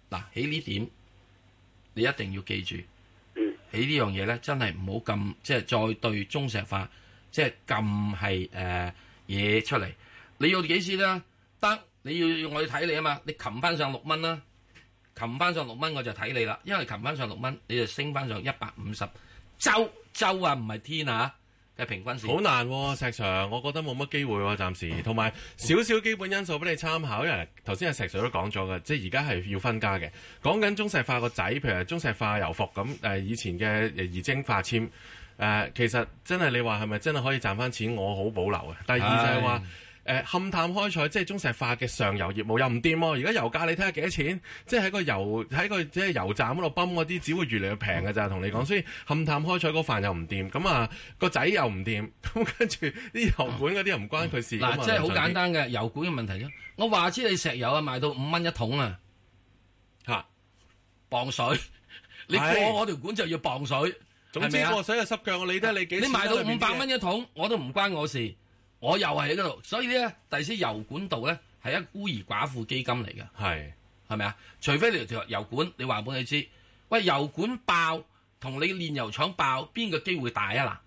嗱，喺呢點你一定要記住喺呢樣嘢咧，真係唔好咁，即係再對中石化即係咁係誒嘢出嚟。你要幾次啦？得你要我去睇你啊嘛，你擒翻上六蚊啦。擒翻上六蚊我就睇你啦，因為擒翻上六蚊你就升翻上一百五十周周啊，唔係天啊嘅平均線。好難喎、啊、石 sir，我覺得冇乜機會喎暫時。同埋少少基本因素俾你參考，因為頭先阿石 sir 都講咗嘅，即係而家係要分家嘅。講緊中石化個仔，譬如中石化油服咁，誒、呃，以前嘅儀征化纖誒、呃，其實真係你話係咪真係可以賺翻錢？我好保留嘅。第二就係話。誒、呃、勘探開採即係中石化嘅上游業務又唔掂咯，而家油價你睇下幾多錢，即係喺個油喺個即係油站嗰度泵嗰啲，只會越嚟越平㗎咋，同你講，所以勘探開採嗰、那個、飯又唔掂，咁、那、啊個仔又唔掂，咁跟住啲油管嗰啲又唔關佢事。啊、即係好簡單嘅油管嘅問題啫。 我話知你石油啊賣到五蚊一桶啊嚇，磅水 你過我條管就要磅水，總之過吧水就濕腳，我理得你幾多。啊、你賣到五百蚊一桶我都唔關我事。我又係喺嗰度，所以咧，第二啲油管道咧係一孤兒寡婦基金嚟嘅是，係係咪啊？除非你條油管，你話俾你知，喂，油管爆同你煉油廠爆，邊個機會大啊？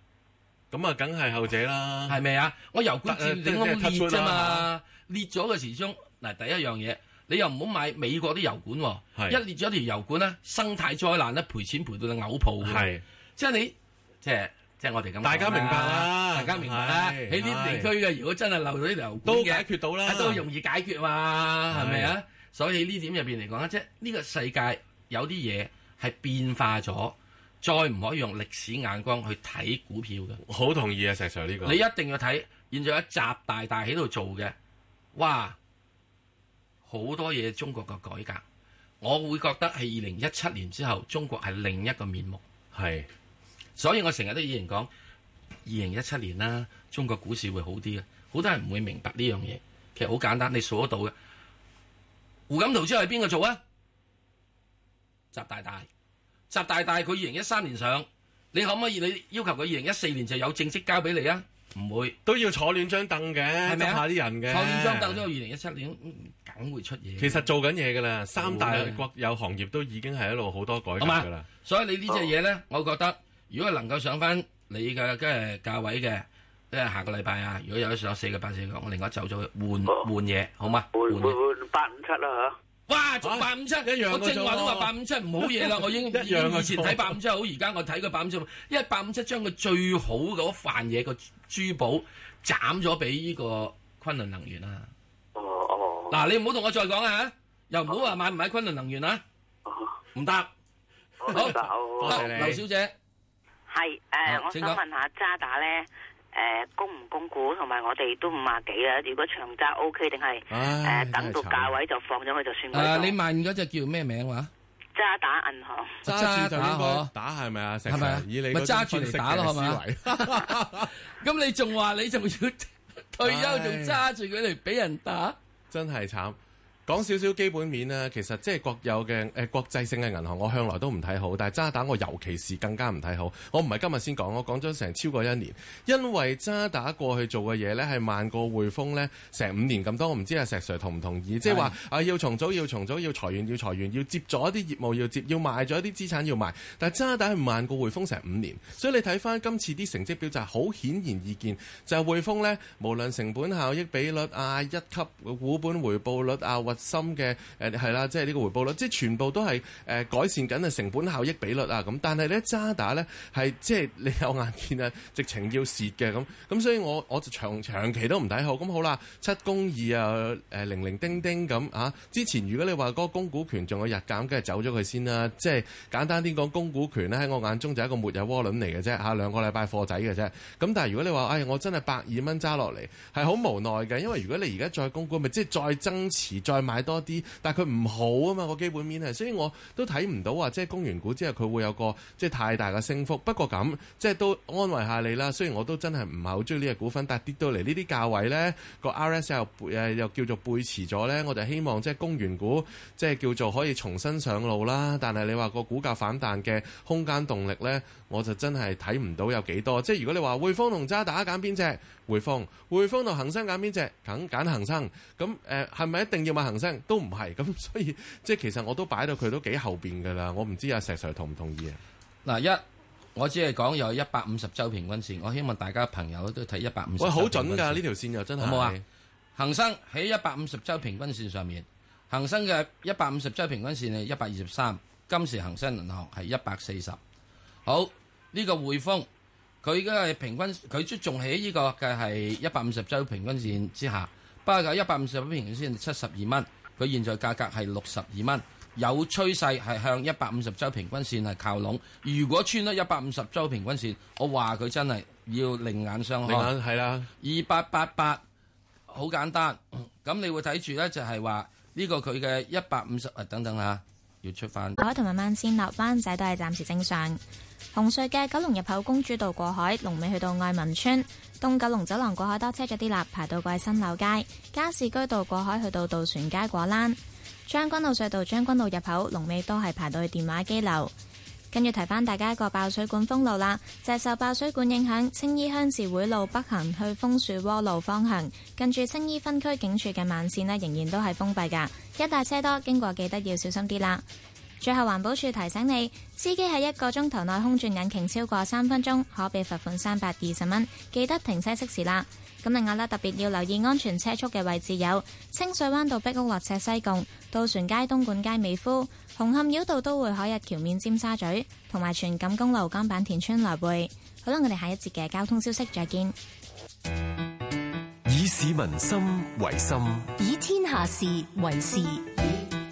嗱，咁啊，梗係後者啦，係咪啊？我油管接點解會裂啫嘛？裂咗嘅時鐘，嗱，第一樣嘢，你又唔好買美國啲油管，啊是，一裂咗條油管咧、啊啊是，生態災難咧，賠錢賠到你嘔泡，係即係你即係。即係我哋咁講啦，大家明白啦，大家明白啦。喺呢是地區嘅，是如果真係漏咗啲油都解決到啦，都容易解決嘛，係咪啊？吧所以呢點入邊嚟講咧，即係呢個世界有啲嘢係變化咗，再唔可以用歷史眼光去睇股票嘅。好同意啊，石 Sir 呢個。你一定要睇，現在有一集大大喺度做嘅，哇！好多嘢中國嘅改革，我會覺得係二零一七年之後，中國係另一個面目。係。所以我成日都以前講，二零一七年啦，啊，中國股市會好啲嘅，啊。好多人唔會明白呢樣嘢，其實好簡單，你數得到嘅。胡錦濤之後係邊個做啊？習大大，習大大佢二零一三年上，你可唔可以你要求佢二零一四年就有政績交俾你啊？唔會，都要坐暖張凳嘅，係咪？嚇啲人嘅，坐暖張凳都二零一七年梗會出嘢，啊。其實做緊嘢噶啦，三大國有行業都已經係一路好多改革㗎啦。所以你呢隻嘢咧，我覺得。如果能夠上翻你嘅即係價位嘅，即係下個禮拜啊！如果有上四個八四個，我另外走咗去換換嘢，好嗎？換換換八五七啦嚇！哇，八五七一樣，我正話都話八五七唔好嘢啦，我已經以前睇八五七好，而家我睇個八五七好，因為八五七將佢最好嗰塊嘢個珠寶斬咗俾呢個昆崙能源啊！嗱，你唔好同我再講啊！又唔好話買唔買昆崙能源啊？唔得，好，劉小姐。係誒，呃啊、我想問下渣打咧誒，供唔供股？同埋我哋都五啊幾啦。如果長揸 OK，定係誒，等到價位就放咗佢就算。誒、啊，你問嗰隻叫咩名話？渣打銀行揸住就打，打係咪啊？以你揸住嚟打嘅思維，咁你仲話你仲要退休仲揸住佢嚟俾人打？真係慘。講少少基本面啊。其實即係國有嘅誒、呃、國際性嘅銀行，我向來都唔睇好。但係渣打我尤其是更加唔睇好。我唔係今日先講，我講咗成超過一年，因為渣打過去做嘅嘢呢，係慢過匯豐呢。成五年咁多。我唔知阿、啊、石 Sir 同唔同意？即係話啊，要重組要重組，要，重組要裁員要裁員要接咗一啲業務要接要賣咗一啲資產要賣。但係渣打係慢過匯豐成五年，所以你睇翻今次啲成績表就係好顯然易見，就係、是、匯豐呢。無論成本效益比率啊、一級股本回報率啊或深嘅誒係啦，即係呢個回報率，即係全部都係誒、呃、改善緊啊，成本效益比率啊咁，但係咧渣打咧係即係你有眼見啊，直情要蝕嘅咁，咁所以我我就長長期都唔睇好。咁好啦，七公二啊誒、呃、零零丁丁咁啊，之前如果你話嗰個供股權仲有日減，梗係走咗佢先啦。即係簡單啲講，供股權咧喺我眼中就係一個末日窩輪嚟嘅啫嚇，兩個禮拜貨仔嘅啫。咁但係如果你話誒、哎、我真係百二蚊揸落嚟，係好無奈嘅，因為如果你而家再供股咪即係再增持再增持。再買多啲，但係佢唔好啊嘛，個基本面係，所以我都睇唔到話即係公員股之後佢會有個即係太大嘅升幅。不過咁即係都安慰下你啦。雖然我都真係唔係好中意呢隻股份，但係跌到嚟呢啲價位呢，個 RSI 又，又叫做背馳咗呢。我就希望元即係公員股即係叫做可以重新上路啦。但係你話個股價反彈嘅空間動力呢，我就真係睇唔到有幾多。即係如果你話匯豐同渣打揀邊隻？匯豐，匯豐同恒生揀邊隻？梗揀恒生。咁誒係咪一定要買？恒生都唔係，咁所以即係其實我都擺到佢都幾後邊噶啦。我唔知阿、啊、石 Sir 同唔同意啊？嗱，一我只係講有一百五十周平均線，我希望大家朋友都睇一百五十。喂，好準噶，呢條線又真係好冇嗎啊！恒是生喺一百五十周平均線上面，恒生嘅一百五十周平均線係一百二十三，今時恒生銀行係一百四十。好，呢、這個匯豐，佢而平均，佢即仲喺呢個嘅係一百五十周平均線之下。不過一百五十周平均線七十二蚊，佢現在價格係六十二蚊，有趨勢係向一百五十周平均線係靠攏。如果穿咗一百五十周平均線，我話佢真係要另眼相看。係啦，係啦、啊，二八八八好簡單。咁、嗯、你會睇住咧，就係話呢個佢嘅一百五十啊等等吓，要出翻。好，同埋萬千落班仔都係暫時正常。紅隧嘅九龍入口公主道過海，龍尾去到愛民村；東九龍走廊過海多車咗啲啦，排到過新樓街；加士居道過海去到渡船街果欄；將軍澳隧道將軍澳入口龍尾都係排到去電話機樓。跟住提翻大家一個爆水管封路啦，就係、是、受爆水管影響，青衣鄉事會路北行去楓樹窩路方向，近住青衣分區警署嘅慢綫呢，仍然都係封閉噶，一帶車多，經過記得要小心啲啦。最後環保署提醒你，司機喺一個鐘頭內空轉引擎超過三分鐘，可被罰款三百二十蚊，記得停車熄匙啦。咁另外呢，特別要留意安全車速嘅位置有清水灣道、碧屋落赤西貢、渡船街、東莞街、美孚、紅磡繞道、都會海日橋面、尖沙咀同埋荃錦公路、江板田村來回。好啦，我哋下一節嘅交通消息再見。以市民心為心，以天下事為事。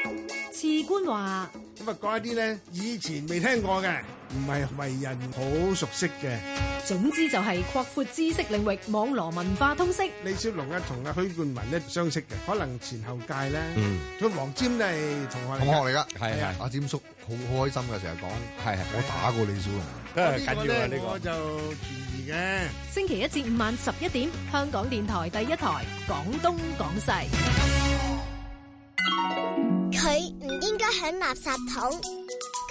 事官話：咁啊，講一啲咧以前未聽過嘅，唔係為人好熟悉嘅。總之就係擴闊知識領域，網羅文化通識。李小龍啊，同阿許冠文咧相識嘅，可能前後屆啦。嗯，佢黃霑都係同學同學嚟㗎，係啊，阿霑叔好開心嘅，成日講，係係，我打過李小龍。要、啊啊、個呢要、這個我就注意嘅。星期一至五晚十一點，香港電台第一台，講東講西。佢唔應該響垃圾桶，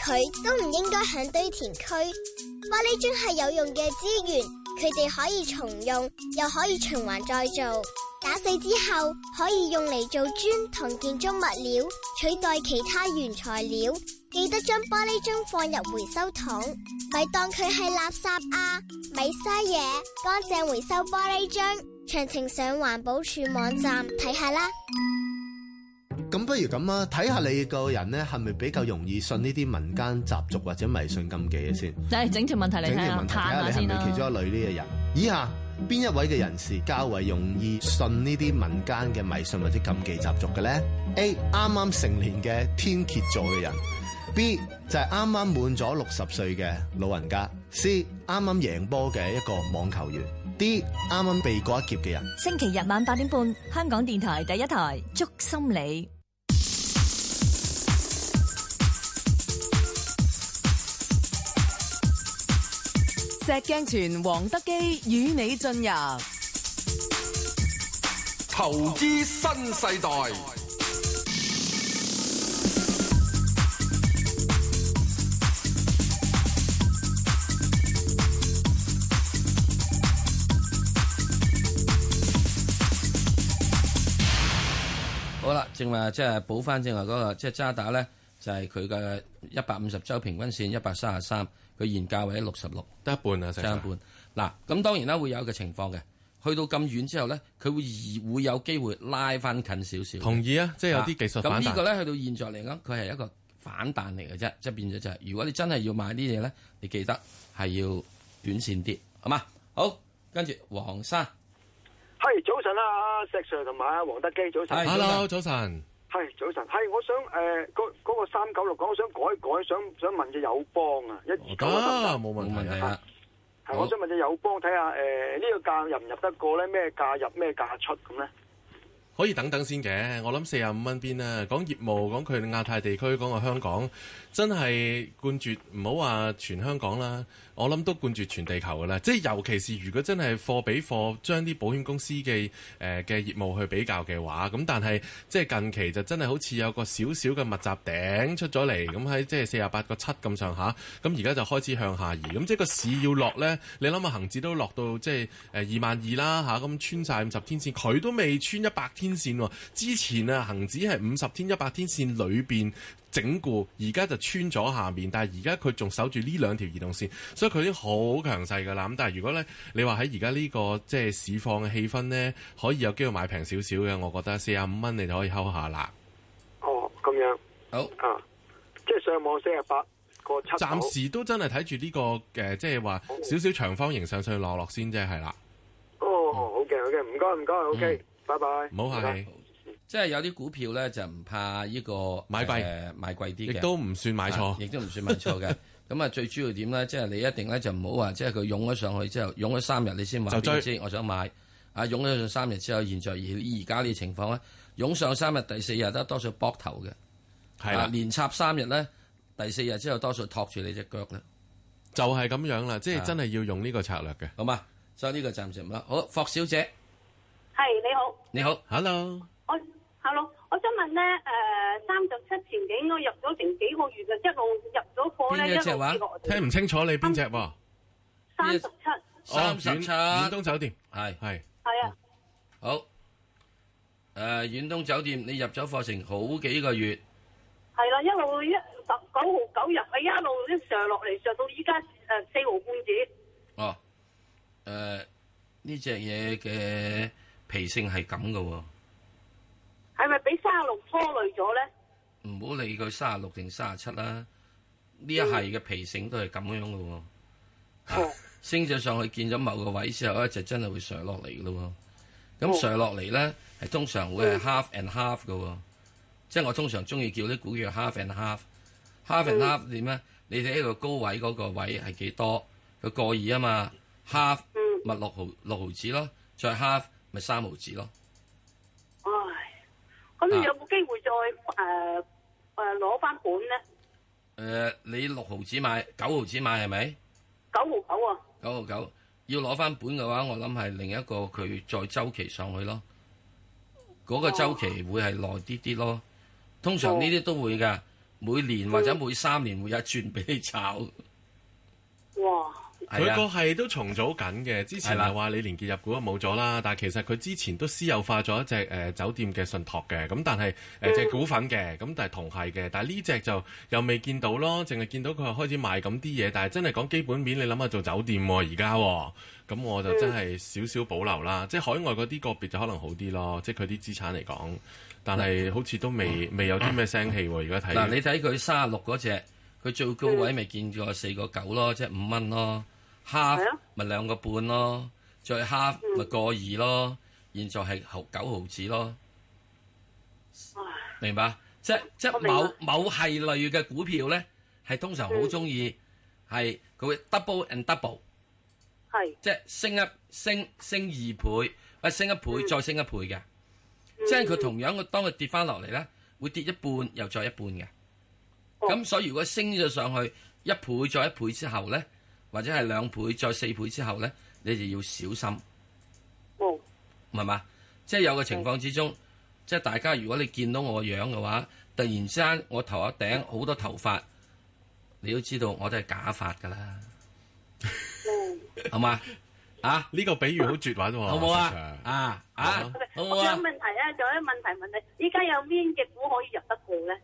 佢都唔應該響堆填區。玻璃樽係有用嘅資源，佢哋可以重用，又可以循環再造。打碎之後，可以用嚟做磚同建築物料，取代其他原材料。記得將玻璃樽放入回收桶，咪當佢係垃圾啊！咪嘥嘢，乾淨回收玻璃樽。詳情上環保署網站睇下啦。看看咁不如咁啊，睇下你個人咧係咪比較容易信呢啲民間習俗或者迷信禁忌嘅先。嚟整條問題嚟睇下，整條問題睇下你係咪其中一類呢個人？走走以下邊一位嘅人士較為容易信呢啲民間嘅迷信或者禁忌習俗嘅咧？A 啱啱成年嘅天蠍座嘅人，B 就係啱啱滿咗六十歲嘅老人家，C 啱啱贏波嘅一個網球員。啲啱啱被過一劫嘅人。星期日晚八點半，香港電台第一台《觸心理》。石鏡泉、黃德幾與你進入投資新世代。正話即係補翻正話嗰、那個，即係渣打咧，就係佢嘅一百五十周平均線一百三十三，佢現價位六十六，得一半啊，就一半。嗱，咁當然啦，會有一個情況嘅。去到咁遠之後咧，佢會而會有機會拉翻近少少。同意啊，即係有啲技術反彈咁、啊、呢個咧，去到現在嚟講，佢係一個反彈嚟嘅啫，即係變咗就係、是，如果你真係要買啲嘢咧，你記得係要短線啲，好嘛？好，跟住黃生。係、hey, 早晨啊，石 Sir 同埋阿黃德基早晨。hello 早晨。係 Hello, 早晨，係、hey, hey, 我想誒，嗰、呃、嗰、那個三九六講想改一改，想想問隻友邦、oh, 19, 啊，一九、嗯、啊，冇問題啊。係好我想問隻友邦睇下誒，看看呃這個、價價價呢個價入唔入得過咧？咩價入咩價出咁咧？可以等等先嘅，我諗四十五蚊邊啊？講業務，講佢亞太地區，講個香港，真係冠絕，唔好話全香港啦。我諗都冠絕全地球㗎啦，即係尤其是如果真係貨比貨將啲保險公司嘅誒嘅業務去比較嘅話，咁但係即係近期就真係好似有個小小嘅密集頂出咗嚟，咁喺即係四十八個七咁上下，咁而家就開始向下移，咁即係個市要落呢，你諗下恒指都落到即係二萬二啦嚇，咁穿晒五十天線，佢都未穿一百天線喎，之前啊恒指係五十天一百天線裏邊。整固而家就穿咗下面，但係而家佢仲守住呢兩條移動線，所以佢已經好強勢噶啦。咁但係如果咧，你話喺而家呢個即係市況嘅氣氛咧，可以有機會買平少少嘅，我覺得四十五蚊你就可以 hold 下啦。哦，咁樣好啊，即係上網四十八個七。暫時都真係睇住呢個嘅，即係話少少長方形上上落落先啫，係啦。哦，好嘅、嗯，好嘅、okay, okay.，唔該，唔該、嗯、，OK，拜拜。唔好客氣。即係有啲股票咧就唔怕呢、這個買貴幣誒、呃、買貴啲嘅，亦都唔算買錯，亦都唔算買錯嘅。咁啊，最主要點咧，即係你一定咧就唔好話，即係佢湧咗上去之後，湧咗三日你先買最。就追，我想買啊！湧咗上三日之後，現在而家呢情況咧，湧上三日第四日都多數膊頭嘅，係的啊，連插三日咧，第四日之後多數托住你隻腳咧，就係咁樣啦。即係真係要用呢個策略嘅，好嘛？所以呢個暫時唔得。好，霍小姐，係你好，你好，Hello。哈囉，我想問咧，誒，三十七前幾個月入咗成幾個月嘅，一路入咗貨咧，一路跌落去，聽唔清楚你邊隻？三十七，三十七，遠東酒店係係。係啊，好，誒，遠東酒店你入咗貨成好幾個月，係啦，一路一十九號九日，誒，一路一上落嚟，上到依家誒四號半止。哦，誒，呢隻嘢嘅脾性係咁噶喎。係咪俾三十六拖累咗咧？唔好理佢三十六定三十七啦，呢、嗯、一係嘅皮繩都係咁樣嘅喎、啊嗯啊。升咗上去見咗某個位之後，咧就真係會上落嚟嘅咯。咁上落嚟咧，係、嗯、通常會係 half and half 嘅、啊，即係我通常中意叫啲股叫 half and half。half and half 點咧？嗯、你哋一個高位嗰個位係幾多？佢個二啊嘛、嗯、，half 咪六毫六毫子咯，再 half 咪三毫子咯。咁你有冇機會再誒誒攞翻本咧？誒、啊嗯，你六毫子買，九毫子買係咪？九毫九喎。九毫九，九毫九,要攞翻本嘅話，我諗係另一個佢再周期上去咯。嗰、嗰個週期會係耐啲啲咯。通常呢啲都會㗎，每年或者每三年會一轉俾你炒。哇！佢個系都重組緊嘅，之前係話李連杰入股都冇咗啦。的但係其實佢之前都私有化咗一隻誒、呃、酒店嘅信託嘅，咁但係誒隻股份嘅，咁但係同係嘅。但係呢隻就又未見到咯，淨係見到佢開始賣咁啲嘢。但係真係講基本面，你諗下做酒店喎、啊，而家喎，咁我就真係少少保留啦。即係海外嗰啲個別就可能好啲咯，即係佢啲資產嚟講，但係好似都未未有啲咩聲氣喎。而家睇嗱，你睇佢三十六嗰隻，佢最高位咪見過四個九咯，即係五蚊咯。哈咪 Half,、嗯、兩個半咯，再 half 咪過二咯，現在係毫九毫子咯，明白？明啊？即即某某系列嘅股票咧，係通常好中意係佢 double and double，是即升一升升二倍，或升一倍、嗯、再升一倍嘅，嗯、即佢同樣嘅當佢跌翻落嚟咧，會跌一半又再一半嘅，咁、哦、所以如果升咗上去一倍再一倍之後咧。或者係兩倍再四倍之後咧，你就要小心，係嘛、哦？即係有個情況之中，嗯、即係大家如果你見到我個樣嘅話，突然之間我頭一頂好多頭髮，你都知道我都係假髮噶啦，係嘛？啊，呢個比喻好絕品，好唔好啊？啊啊，好唔好啊？我有問題咧，仲有啲問題問你，依家有邊隻股可以入得去咧？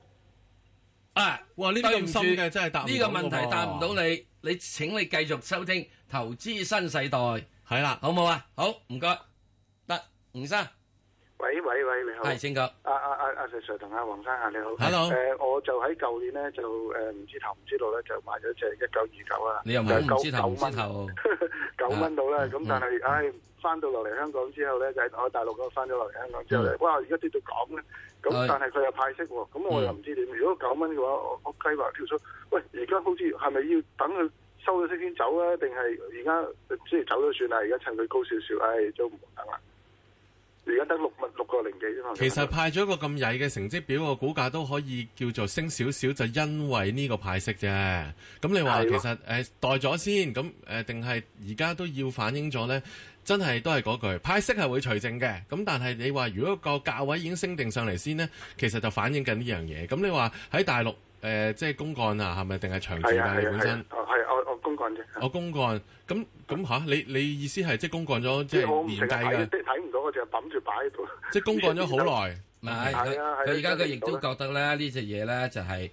啊，哇！呢啲咁深嘅 真係答唔到，呢個問題答唔到你。你請你繼續收聽投資新世代，係啦，的好唔好啊？好，唔該，得吳生。喂喂喂，你好，係正哥，阿阿阿阿 Sir 同阿黃生啊，你好，Hello，誒，我就喺舊年咧就誒唔知頭唔知路咧就買咗隻一九二九啊。你啦，九九蚊，九蚊到啦，咁但係，唉，翻到落嚟香港之後咧就喺我大陸嗰度翻咗落嚟香港之後咧，哇，而家跌到咁咧，咁但係佢又派息喎，咁我又唔知點，如果九蚊嘅話，我我計劃跳出，喂，而家好似係咪要等佢收咗息先走啊？定係而家即係走都算啦？而家趁佢高少少，唉，都唔等啦。而家得六六個零幾，其實派咗一個咁曳嘅成績表，個股價都可以叫做升少少，就因為呢個派息啫。咁你話其實誒、啊、待咗先，咁誒定係而家都要反映咗咧？真係都係嗰句，派息係會除淨嘅。咁但係你話如果個價位已經升定上嚟先呢，其實就反映緊呢樣嘢。咁你話喺大陸誒即係公幹啊，係咪定係長線嘅本身？哦，我我公幹啫。哦，公幹咁。咁吓，你你意思係即係公幹咗，即係年計㗎，即係睇唔到嗰隻抌住擺喺度。即係公幹咗好耐，係啊！佢而家亦都覺得咧，呢隻嘢咧就係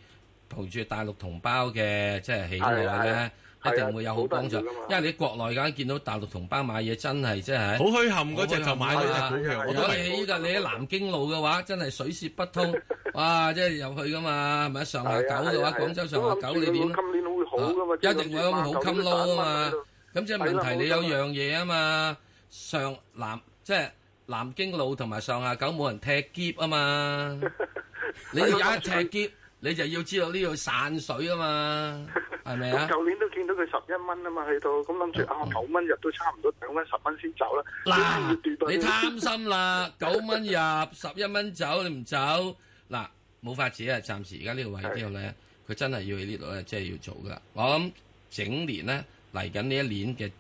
陪住大陸同胞嘅即係起碼咧，一定會有好幫助。因為你國內而家見到大陸同胞買嘢真係，真係好墟冚嗰隻就買啦。如果你喺南京路嘅話，真係水泄不通。哇！即係入去噶嘛，咪上下九嘅話，廣州上下九你點？今年會好噶嘛？一定會好襟撈啊嘛！咁即係問題，你有樣嘢啊嘛，上南即係南京路同埋上下九冇人踢劫啊嘛，你有一踢劫，你就要知道呢度散水啊嘛，係咪啊？舊年都見到佢十一蚊啊嘛，去到咁諗住啊九蚊入都差唔多，兩蚊十蚊先走啦。嗱，你貪心啦，九蚊入十一蚊走，你唔走嗱冇法子啊！暫時而家呢個位之後咧，佢真係要呢度咧，即係要做噶。我諗整年咧。嚟緊呢一年嘅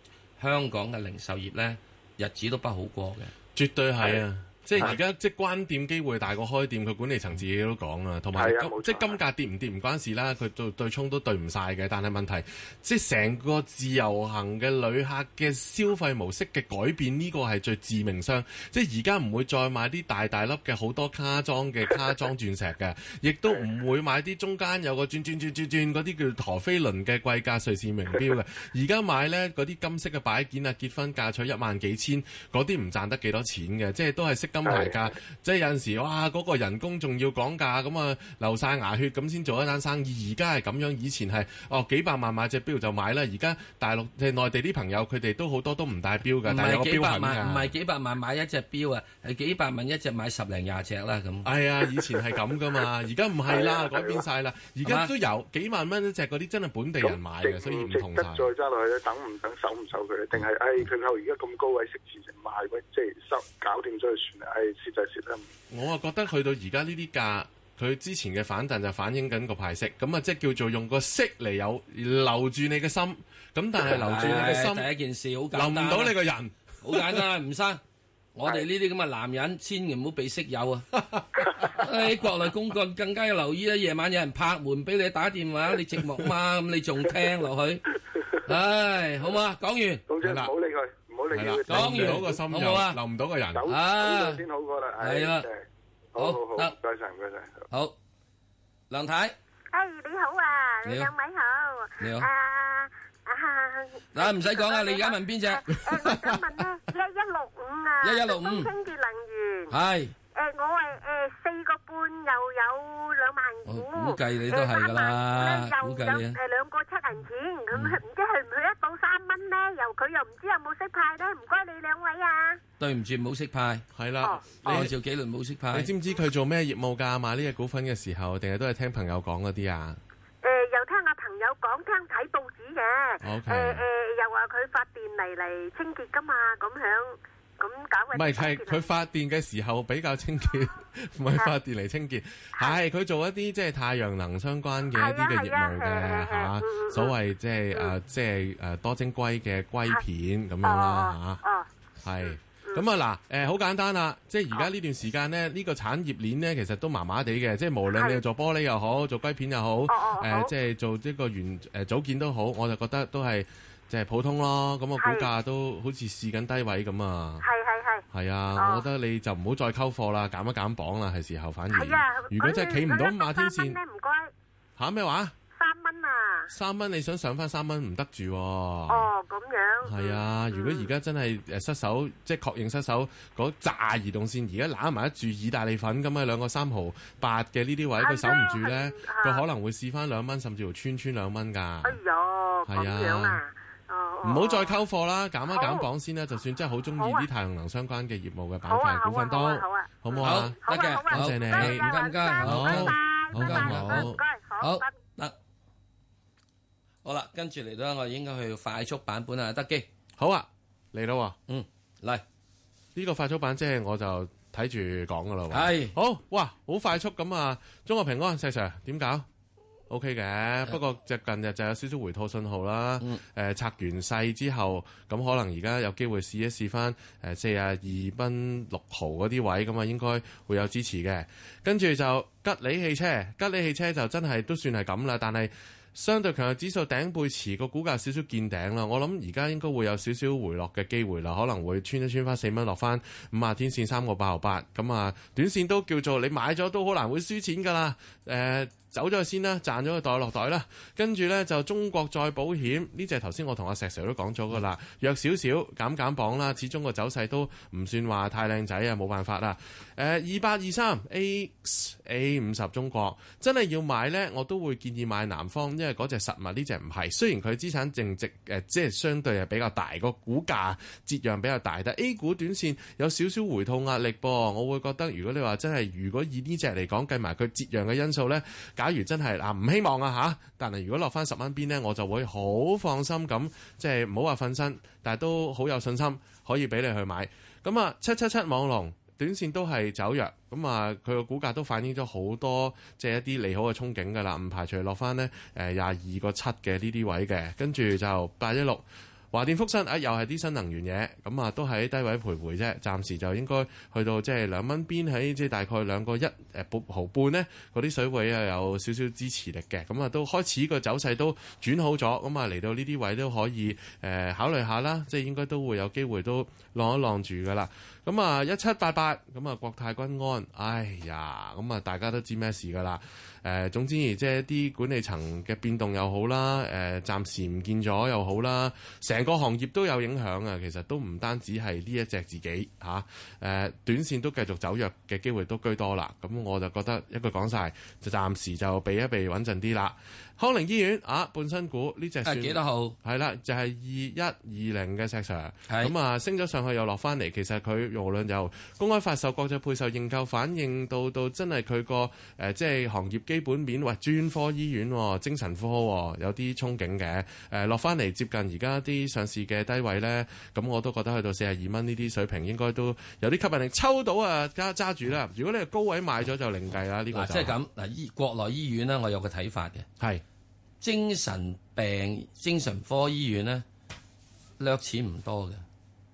香港嘅零售業呢，日子都不好過嘅，絕對係啊！是即係而家即係，關店機會大過開店，佢管理層自己都講啊，同埋、哎、即係金價跌唔跌唔關事啦，佢做對沖都對唔晒嘅。但係問題即係成個自由行嘅旅客嘅消費模式嘅改變呢、這個係最致命傷，即係而家唔會再買啲大大粒嘅好多卡裝嘅卡裝鑽石嘅，亦 都唔會買啲中間有個轉轉轉轉轉嗰啲叫陀飛輪嘅貴價瑞士名錶嘅。而家買咧嗰啲金色嘅擺件啊，結婚嫁娶一萬幾千嗰啲唔賺得幾多錢嘅，即係都係識。金牌價，的即係有陣時哇，嗰、嗰個人工仲要講價，咁啊流晒牙血，咁先做一單生意。而家係咁樣，以前係哦幾百萬買隻表就買啦。而家大陸即係內地啲朋友，佢哋都好多都唔戴表㗎，但個錶幾百萬，唔係幾百萬買一隻表啊，係幾，幾，幾百萬一隻買十零廿隻啦咁。係啊、哎，以前係咁㗎嘛，而家唔係啦，改變晒啦。而家的都有的幾萬蚊一隻嗰啲，真係本地人買嘅，的所以唔同晒。再揸落去，等唔等守唔守佢定係誒佢後而家咁高位食錢嚟賣㗎，即係搞掂咗就係蝕就蝕啦！我啊覺得去到而家呢啲價，佢之前嘅反彈就反映緊個派息，咁啊即係叫做用個息嚟誘留住你嘅心，咁但係留住你嘅心，第一件事好簡單，留唔到你個人，好簡單。吳生，我哋呢啲咁嘅男人千祈唔好俾息誘啊！喺國內公幹更加要留意啦，夜晚有人拍門俾你打電話，你寂寞嘛？咁你仲聽落去？唉，好嘛，講完，老細唔好理佢。係啦，講完好個心就好啦，留唔到個人啊，咁就先好過啦，係啦，好，得，唔該曬，唔該曬，好，梁太，誒你好啊，你兩位好，你好，啊啊，嗱唔使講啦，你而家問邊隻？誒我想問咧，一一六五啊，清潔能源，係。誒，我誒誒四個半又有兩萬股，誒，兩萬，又兩誒兩個七銀錢，唔知去唔去得到三蚊咧？由佢又唔知有冇息派咧，唔該你兩位啊。對唔住冇息派，係啦，你又做幾輪冇息派。你知唔知佢做咩業務噶？買呢隻股份嘅時候，定係都係聽朋友講嗰啲啊？誒，又聽阿朋友講，聽睇報紙嘅。OK。誒誒，又話佢發電嚟嚟清潔噶嘛，咁樣。唔係，係佢發電嘅時候比較清潔，唔係發電嚟清潔。係佢做一啲即係太陽能相關嘅一啲嘅業務嘅嚇，所謂即係誒即係誒多晶硅嘅硅片咁樣啦嚇。係咁啊，嗱誒，好簡單啦，即係而家呢段時間咧，呢個產業鏈咧，其實都麻麻地嘅，即係無論你做玻璃又好，做硅片又好，誒即係做一個原誒組件都好，我就覺得都係。即係普通咯，咁我股價都好似試緊低位咁啊！係係係。係啊，我覺得你就唔好再溝貨啦，減一減磅啦，係時候反而。係啊，如果真係企唔到五馬天線咩唔該吓咩話三蚊啊！三蚊你想上翻三蚊唔得住哦？咁樣係啊！如果而家真係誒失手，即係確認失手嗰炸移動線，而家攬埋一注意大利粉咁啊，兩個三毫八嘅呢啲位，佢守唔住咧，佢可能會試翻兩蚊，甚至乎穿穿兩蚊㗎。哎呦，咁樣啊！唔好再溝貨啦，減一減磅先啦。就算真係好中意啲太陽能相關嘅業務嘅板塊股份都好啊，好唔好好，得嘅，多謝你，唔該，唔該，好，好，好，好，好啦，跟住嚟到咧，我應該去快速版本啊，德幾，好啊，嚟到啊，嗯，嚟，呢個快速版即係我就睇住講噶啦，係，好，哇，好快速咁啊，中國平安，細 Sir，點搞？O.K. 嘅，不過就近日就有少少回吐信號啦。誒、嗯呃、拆完細之後，咁可能而家有機會試一試翻誒四啊二蚊六毫嗰啲位，咁啊應該會有支持嘅。跟住就吉利汽車，吉利汽車就真係都算係咁啦。但係相對強嘅指數頂背馳個股價少少見頂啦。我諗而家應該會有少少回落嘅機會啦，可能會穿一穿翻四蚊落翻五啊天線三個八毫八。咁啊，短線都叫做你買咗都好難會輸錢噶啦。誒、呃。走咗先啦，賺咗個袋落袋啦，跟住呢，就中國再保險呢隻頭先我同阿石 Sir 都講咗噶啦，弱少少減減磅啦，始終個走勢都唔算話太靚仔啊，冇辦法啦。誒二八二三 A A A 五十中國真係要買呢，我都會建議買南方，因為嗰隻實物呢隻唔係，雖然佢資產淨值誒、呃、即係相對係比較大，個股價折讓比較大，但 A 股短線有少少回吐壓力噃，我會覺得如果你話真係如果以呢隻嚟講計埋佢折讓嘅因素呢。假如真係嗱唔希望啊嚇，但係如果落翻十蚊邊咧，我就會好放心咁，即係唔好話瞓身，但係都好有信心可以俾你去買。咁啊，七七七網龍短線都係走弱，咁啊佢個股價都反映咗好多即係一啲利好嘅憧憬㗎啦，唔排除落翻咧誒廿二個七嘅呢啲、呃、位嘅，跟住就八一六。華電福新啊，又係啲新能源嘢，咁啊都喺低位徘徊啫，暫時就應該去到即係兩蚊邊起，即係大概兩個一誒半毫半咧，嗰啲水位啊有少少支持力嘅，咁啊都開始個走勢都轉好咗，咁啊嚟到呢啲位都可以誒、呃、考慮下啦，即係應該都會有機會都晾一晾住噶啦。咁啊，一七八八，咁啊，國泰君安，哎呀，咁啊，大家都知咩事㗎喇。誒、呃，總之而即係啲管理層嘅變動又好啦，誒、呃，暫時唔見咗又好啦，成個行業都有影響啊！其實都唔單止係呢一隻自己嚇，誒、啊呃，短線都繼續走弱嘅機會都居多啦。咁我就覺得一句講晒，就暫時就避一避穩陣啲啦。康寧醫院啊，半新股呢隻係幾多號？係啦，就係二一二零嘅石 Sir< 是>，咁啊升咗上去又落翻嚟。其實佢無論由公開發售、國際配售、認購，反映到到真係佢個誒，即、呃、係、就是、行業基本面。喂、啊，專科醫院、啊，精神科、啊、有啲憧憬嘅。誒、啊，落翻嚟接近而家啲上市嘅低位咧，咁我都覺得去到四廿二蚊呢啲水平，應該都有啲吸引力。抽到啊，加揸住啦！如果你係高位買咗就另計啦。呢、啊、個就即係咁嗱，醫、啊、國內醫院咧、啊，我有個睇法嘅，係。精神病精神科醫院咧，掠錢唔多嘅，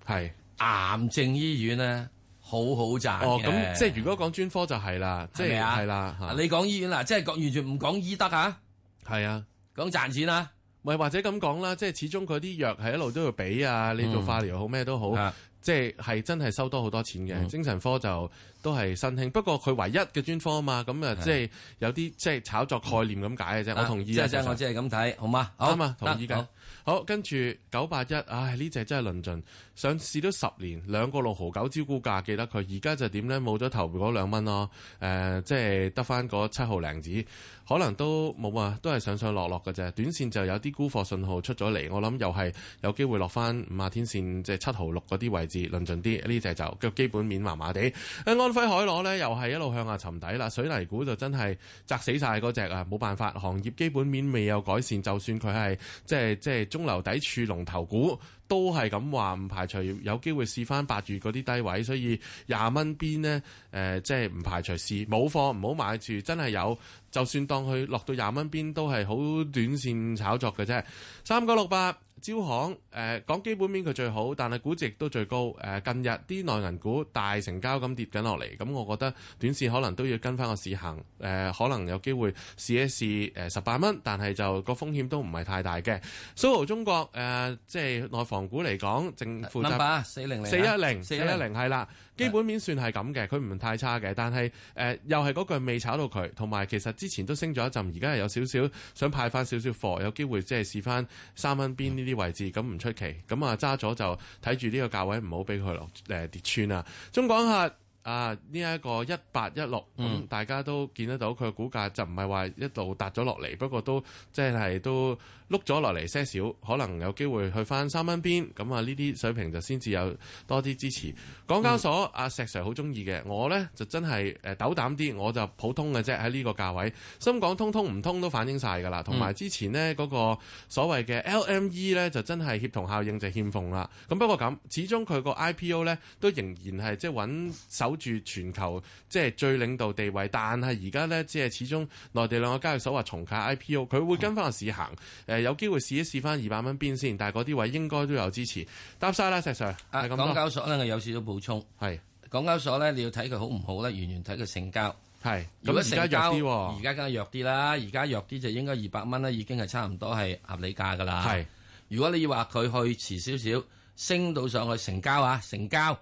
係是癌症醫院咧，好好賺哦，咁即係如果講專科就係啦、啊，即係係啦。你講醫院嗱，即係講完全唔講醫德啊？係啊，講賺錢啦、啊，唔係或者咁講啦，即係始終佢啲藥係一路都要俾啊，你做化療好咩、嗯、都好。即係係真係收多好多錢嘅。嗯、精神科就都係新興，不過佢唯一嘅專科啊嘛，咁啊即係有啲即係炒作概念咁解嘅啫，嗯、我同意、啊、即係其實我只係咁睇，好嗎？好啊，對好同意嘅。好，跟住九八一，唉呢隻真係論盡，上市到十年兩個六毫九招股價記得佢，而家就點呢？冇咗頭嗰兩蚊咯、呃，誒即係得翻嗰七毫零子，可能都冇啊，都係上上落落嘅啫。短線就有啲沽貨信號出咗嚟，我諗又係有機會落翻五啊天線，即係七毫六嗰啲位置，論盡啲呢隻就個基本面麻麻地，安徽海螺呢，又係一路向下沉底啦。水泥股就真係砸死晒嗰隻啊，冇辦法，行業基本面未有改善，就算佢係即係即係中流砥柱龍頭股都係咁話，唔排除有機會試翻八月嗰啲低位，所以廿蚊邊呢？誒、呃，即係唔排除試冇貨唔好買住，真係有就算當佢落到廿蚊邊都係好短線炒作嘅啫，三九六八。招行，誒、呃、講基本面佢最好，但係估值亦都最高。誒、呃、近日啲內銀股大成交咁跌緊落嚟，咁、嗯、我覺得短線可能都要跟翻個市行。誒、呃、可能有機會試一試誒十八蚊，但係就個風險都唔係太大嘅。SOHO 中國誒、呃、即係內房股嚟講，正負責四零零四一零四一零係啦。基本面算係咁嘅，佢唔太差嘅，但係誒、呃、又係嗰句未炒到佢，同埋其實之前都升咗一陣，而家係有少少想派翻少少貨，有機會即係試翻三蚊邊呢啲位置，咁唔、嗯、出奇，咁啊揸咗就睇住呢個價位，唔好俾佢落誒跌穿啊！中港客。啊！呢、這、一個一八一六大家都見得到佢個股價就唔係話一路跌咗落嚟，不過都即係都碌咗落嚟些少，可能有機會去翻三蚊邊咁啊！呢啲水平就先至有多啲支持。港交所阿、嗯啊、石 sir 好中意嘅，我呢就真係誒斗膽啲，我就普通嘅啫喺呢個價位，深港通通唔通都反映晒㗎啦。同埋、嗯、之前呢嗰、那個所謂嘅 LME 呢，就真係協同效應就欠奉啦。咁、嗯、不過咁，始終佢個 IPO 呢，都仍然係即係揾手。住全球即係最領導地位，但係而家咧，即係始終內地兩個交易所話重啟 IPO，佢會跟翻個市行。誒、呃，有機會試一試翻二百蚊邊先，但係嗰啲位應該都有支持。答晒啦，石 Sir。啊，港交所咧，我有少少補充。係是港交所咧，你要睇佢好唔好咧，完全睇佢成交。係。咁而家弱啲，而家梗係弱啲啦，而家弱啲就應該二百蚊咧，已經係差唔多係合理價噶啦。係是。是如果你要話佢去遲少少，升到上去成交啊，成交。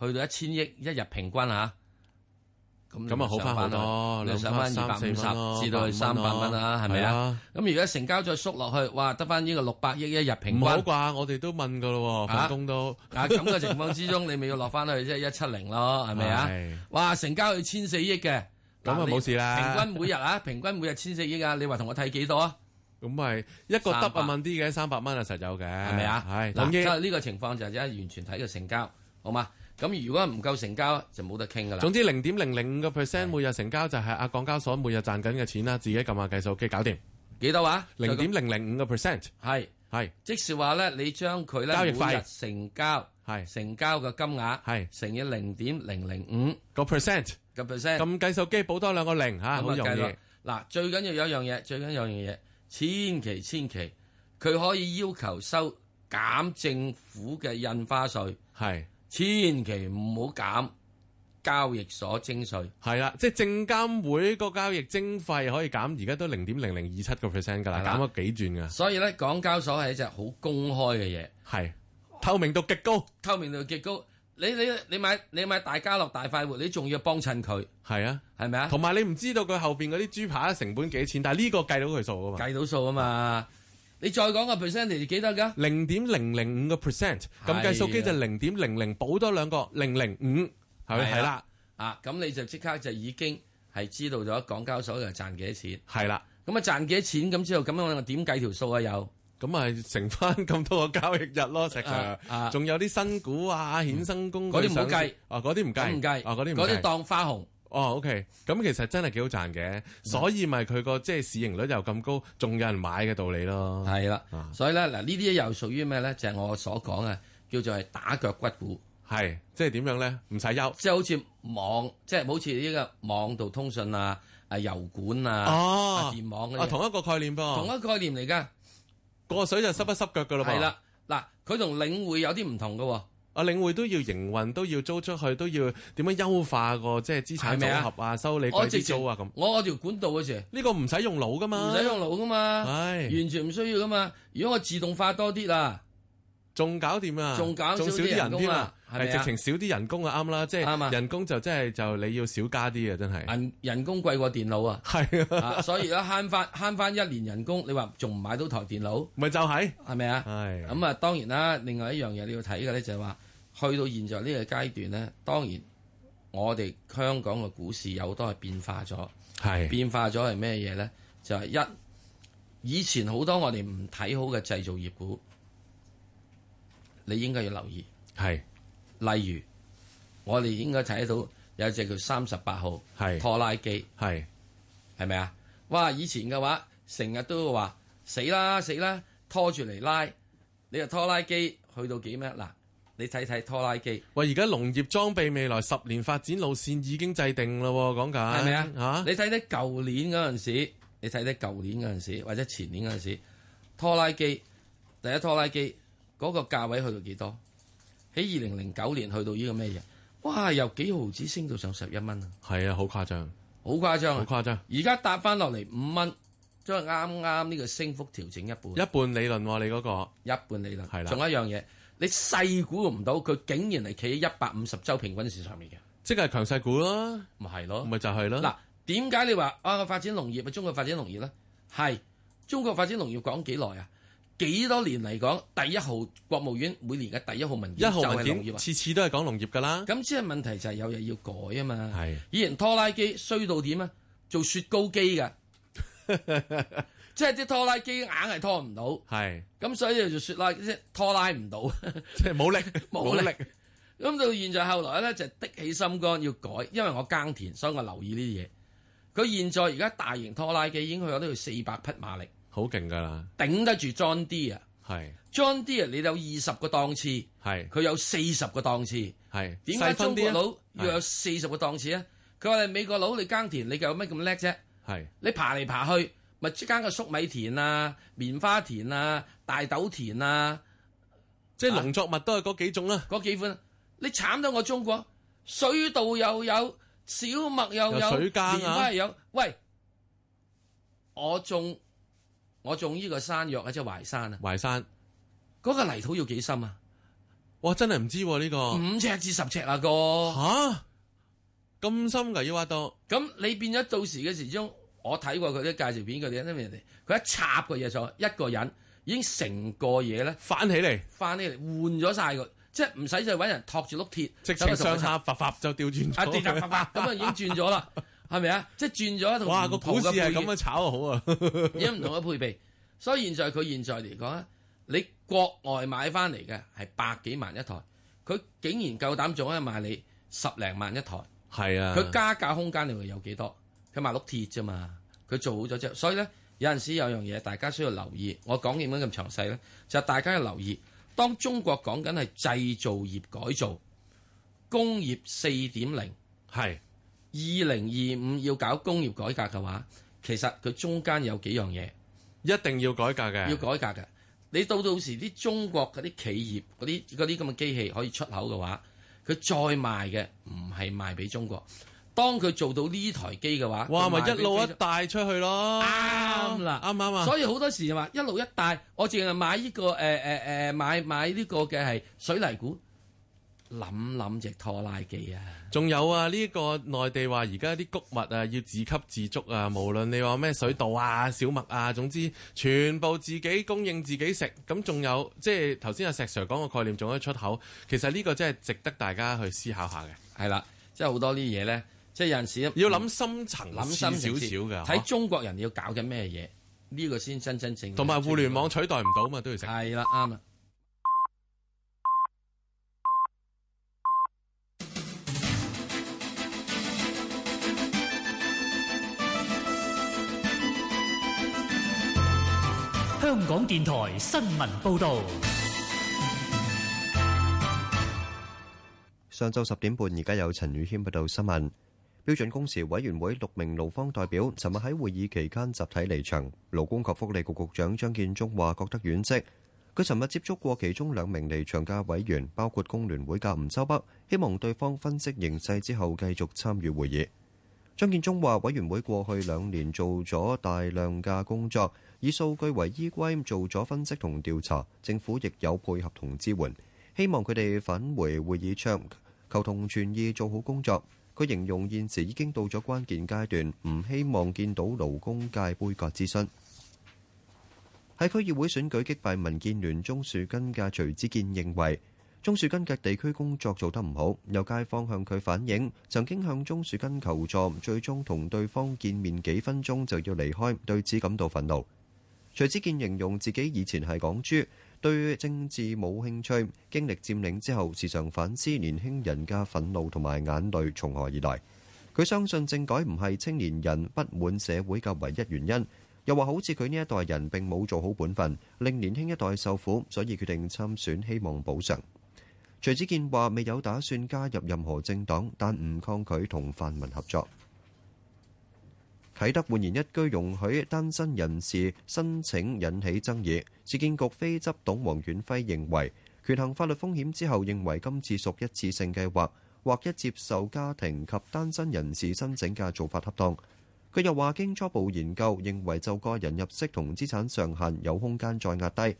去到一千億一日平均嚇，咁咁啊好翻咯，你上翻二百五十至到去三百蚊啦，係咪啊？咁如果成交再縮落去，哇，得翻呢個六百億一日平均唔好啩？我哋都問噶咯，反攻都啊咁嘅情況之中，你咪要落翻去即係一七零咯，係咪啊？哇，成交去千四億嘅，咁啊冇事啦。平均每日啊，平均每日千四億啊，你話同我睇幾多啊？咁咪一個得百萬啲嘅三百蚊啊，實有嘅係咪啊？係呢個情況就真係完全睇個成交，好嘛？咁如果唔夠成交就冇得傾噶啦。總之零點零零五個 percent 每日成交就係阿港交所每日賺緊嘅錢啦。自己撳下計數機搞掂幾多啊。零點零零五個 percent 係係，即是話咧，你將佢咧交易費成交係成交嘅金額係乘以零點零零五個 percent，個 percent 咁計數機補多兩個零嚇，好容易嗱。最緊要有一樣嘢，最緊要有一樣嘢，千祈千祈佢可以要求收減政府嘅印花稅係，千祈唔好減交易所徵稅，係啦，即係證監會個交易徵費可以減，而家都零點零零二七個 percent 㗎啦，減咗幾轉㗎。所以咧，港交所係一隻好公開嘅嘢，係透明度極高，透明度極高。極高你你你，你買你買大家樂大快活，你仲要幫襯佢，係啊，係咪啊？同埋你唔知道佢後邊嗰啲豬扒成本幾錢，但係呢個計到佢數啊嘛，計到數啊嘛。你再講個 percentage 幾多㗎？零點零零五個 percent，咁計數機就零點零零，補多兩個零零五，係啦，啊，咁你就即刻就已經係知道咗港交所就賺幾多錢。係啦，咁啊賺幾多錢？咁之後咁樣我點計條數啊？又咁啊乘翻咁多個交易日咯，成日。啊，仲有啲新股啊、衍生工具嗰啲唔計，哦，嗰啲唔計，嗰啲唔計，嗰啲當花紅。哦，OK，咁其實真係幾好賺嘅，嗯、所以咪佢個即係市盈率又咁高，仲有人買嘅道理咯。係啦的，嗯、所以咧嗱，屬於呢啲又屬於咩咧？就係、是、我所講嘅叫做係打腳骨股，係即係點樣咧？唔使憂，即係好似網，即、就、係、是、好似呢個網度通訊啊，啊油管啊，哦、啊，電網啊，同一個概念噃、啊，同一個概念嚟、啊、噶，過水就濕一濕腳噶啦，係啦、嗯，嗱，佢同領匯有啲唔同噶、啊。我領匯都要營運，都要租出去，都要點樣優化個即係資產組合啊，收你嗰啲租啊咁。我條管道嗰時，呢個唔使用腦噶嘛，唔使用腦噶嘛，係完全唔需要噶嘛。如果我自動化多啲啦，仲搞掂啊，仲搞少啲人添啊，係直情少啲人工啊啱啦，即係人工就真係就你要少加啲啊，真係人人工貴過電腦啊，係所以咧慳翻慳翻一年人工，你話仲唔買到台電腦？咪就係，係咪啊？係咁啊，當然啦。另外一樣嘢你要睇嘅咧就係話。去到現在呢個階段咧，當然我哋香港嘅股市有好多係變化咗，係的變化咗係咩嘢咧？就係、是、一以前好多我哋唔睇好嘅製造業股，你應該要留意，係的例如我哋應該睇得到有隻叫三十八號的拖拉機，係係咪啊？哇！以前嘅話成日都會話死啦死啦拖住嚟拉。你個拖拉機去到幾咩嗱？你睇睇拖拉機，喂！而家農業裝備未來十年發展路線已經制定咯，講緊係咪啊？吓，你睇睇舊年嗰陣時，你睇睇舊年嗰陣時或者前年嗰陣時，拖拉機第一拖拉機嗰個價位去到幾多？喺二零零九年去到呢個咩嘢？哇！由幾毫子升到上十一蚊啊！係啊，好誇張，好誇張，好誇張！而家搭翻落嚟五蚊，即係啱啱呢個升幅調整一半，一半理論、啊，你嗰個一半理論係啦。仲有一樣嘢。你細估唔到佢竟然係企喺一百五十週平均線上面嘅，即係強勢股咯，咪係咯，咪就係咯。嗱，點解你話啊，我哋發展農業啊，中國發展農業咧？係中國發展農業講幾耐啊？幾多年嚟講，第一號國務院每年嘅第一號文件就係農業、啊，次次都係講農業㗎啦。咁即係問題就係有嘢要改啊嘛。係的以前拖拉機衰到點啊？做雪糕機㗎。 即係啲拖拉機硬係拖唔到，係咁是所以就就說啦，即係拖拉唔到，即係冇力冇力。咁 力到現在後來咧就滴、是、起心肝要改，因為我耕田，所以我留意呢啲嘢。佢現在而家大型拖拉機已經去咗都要四百匹馬力，好勁㗎啦，頂得住 John Deere 啊是，係 John Deere 啊，你有二十個檔次，係佢有四十個檔次，係點解中國佬要有四十個檔次啊？佢話你美國佬你耕田你又有乜咁叻啫？係你爬嚟爬去。物之間嘅粟米田啊、棉花田啊、大豆田啊，即係農作物都係嗰幾種啦、啊。嗰、啊、幾款，你慘到我中國水稻又有，小麥又有，有水間、啊、棉花又有，喂，我種我種呢個山藥啊，即係淮山啊。淮山，嗰個泥土要幾深啊？哇真係唔知呢、啊這個。五尺至十尺啊，哥。吓、啊，咁深噶要挖到。咁你變咗到時嘅時鐘。我睇過佢啲介紹片，佢因為人哋佢一插個嘢就一個人已經成個嘢咧翻起嚟，翻起嚟換咗晒佢，即係唔使再揾人托住碌鐵，直情上下發發就調轉咗佢。啊，電塔發發咁啊，已經轉咗啦，係咪啊？即係轉咗一套唔同嘅配，那個、 配備。所以現在佢現在嚟講咧，你國外買翻嚟嘅係百幾萬一台，佢竟然夠膽仲可以賣你十零萬一台。係是啊，佢加價空間你會有幾多？佢賣碌鐵啫嘛，佢做好咗啫。所以咧，有陣時有樣嘢大家需要留意。我講嘢冇咁詳細咧，就係、大家要留意。當中國講緊係製造業改造、工業四點零，係二零二五要搞工業改革嘅話，其實佢中間有幾樣嘢一定要改革嘅。要改革嘅。你到到時啲中國嗰啲企業嗰啲啲咁嘅機器可以出口嘅話，佢再賣嘅唔係賣俾中國。當佢做到呢台機嘅話，哇嘩，咪一路一帶出去咯，啱啦，啱啱啊？所以好多時話一路一帶，我淨係買呢、這個誒誒誒，買買呢個嘅係水泥股，諗諗隻拖拉機啊！仲有啊，呢、這個內地話而家啲穀物啊，要自給自足啊，無論你話咩水稻啊、小麥啊，總之全部自己供應自己食。咁仲有，即係頭先阿石 Sir 講個概念，仲有出口，其實呢個真係值得大家去思考下嘅。係啦，即係好多呢啲嘢呢。即係有陣時，要諗深層，諗深少少嘅。睇中國人要搞緊咩嘢，呢、啊、個先真真正。同埋互聯網取代唔到嘛， 都要食。係啦，啱啦。香港電台新聞報導，上晝十點半，而家有陳宇軒報道新聞。標準工時委員會六名勞方代表，尋日喺會議期間集體離場。勞工及福利局局長張建中話覺得惋惜。佢尋日接觸過其中兩名離場嘅委員，包括工聯會嘅吳秋北，希望對方分析形勢之後繼續參與會議。張建宗話：委員會過去兩年做咗大量嘅工作，以數據為依歸做咗分析同調查，政府亦有配合同支援，希望佢哋返回會議場，求同存異，做好工作。佢形容現時已經到咗關鍵階段，唔希望見到勞工界杯葛諮詢。喺區議會選舉擊敗民建聯鍾樹根嘅徐子見認為，鍾樹根嘅地區工作做得唔好，有街坊向佢反映，曾經向鍾樹根求助，最終同對方見面幾分鐘就要離開，對此感到憤怒。徐子見形容自己以前係港豬。對政治冇興趣，經歷佔領之後，時常反思年輕人嘅憤怒同埋眼淚從何而來。佢相信政改唔係青年人不滿社會嘅唯一原因，又話好似佢呢一代人並冇做好本分，令年輕一代受苦，所以決定參選，希望補償。徐子健話未有打算加入任何政黨，但唔抗拒同泛民合作。啟德煥然一居，容許單身人士申請引起爭議。市建局非執董黃遠輝認為，權衡法律風險之後，認為今次屬一次性計劃，或一接受家庭及單身人士申請嘅做法恰當。佢又話：經初步研究，認為就個人入息同資產上限有空間再壓低。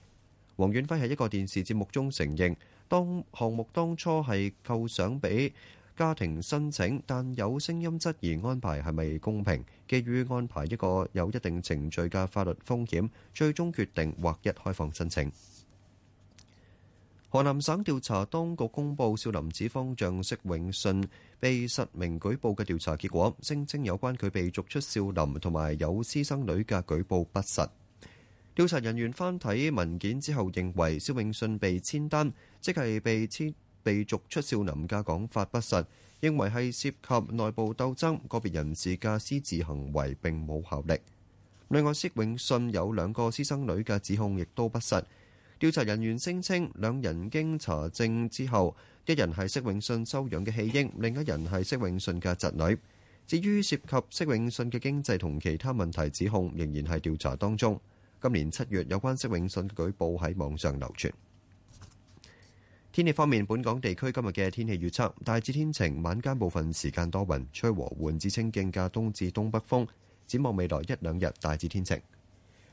黃遠輝喺一個電視節目中承認，當項目當初係構想俾。家庭申請，但有聲音質疑安排係咪公平，基於安排一個有一定程序嘅法律風險。最終決定劃一開放申請。河南省調查當局公佈少林寺方丈釋永信被實名舉報嘅調查結果，聲稱有關佢被逐出少林同埋有私生女嘅舉報不實。調查人員翻睇文件之後，認為釋永信被簽單，即係被簽。被逐出少林嘅講法不實，認為係涉及內部鬥爭，個別人士嘅私自行為並冇效力。另外，釋永信有兩個私生女嘅指控亦都不實。調查人員聲稱，兩人經查證之後，一人係釋永信收養嘅棄嬰，另一人係釋永信嘅侄女。至於涉及釋永信嘅經濟同其他問題指控，仍然係調查當中。今年七月，有關釋永信嘅舉報喺網上流傳。天氣方面，本港地區今日嘅天氣預測大致天晴，晚間部分時間多雲，吹和緩至清勁嘅東至東北風。展望未來一兩日大，大致天晴。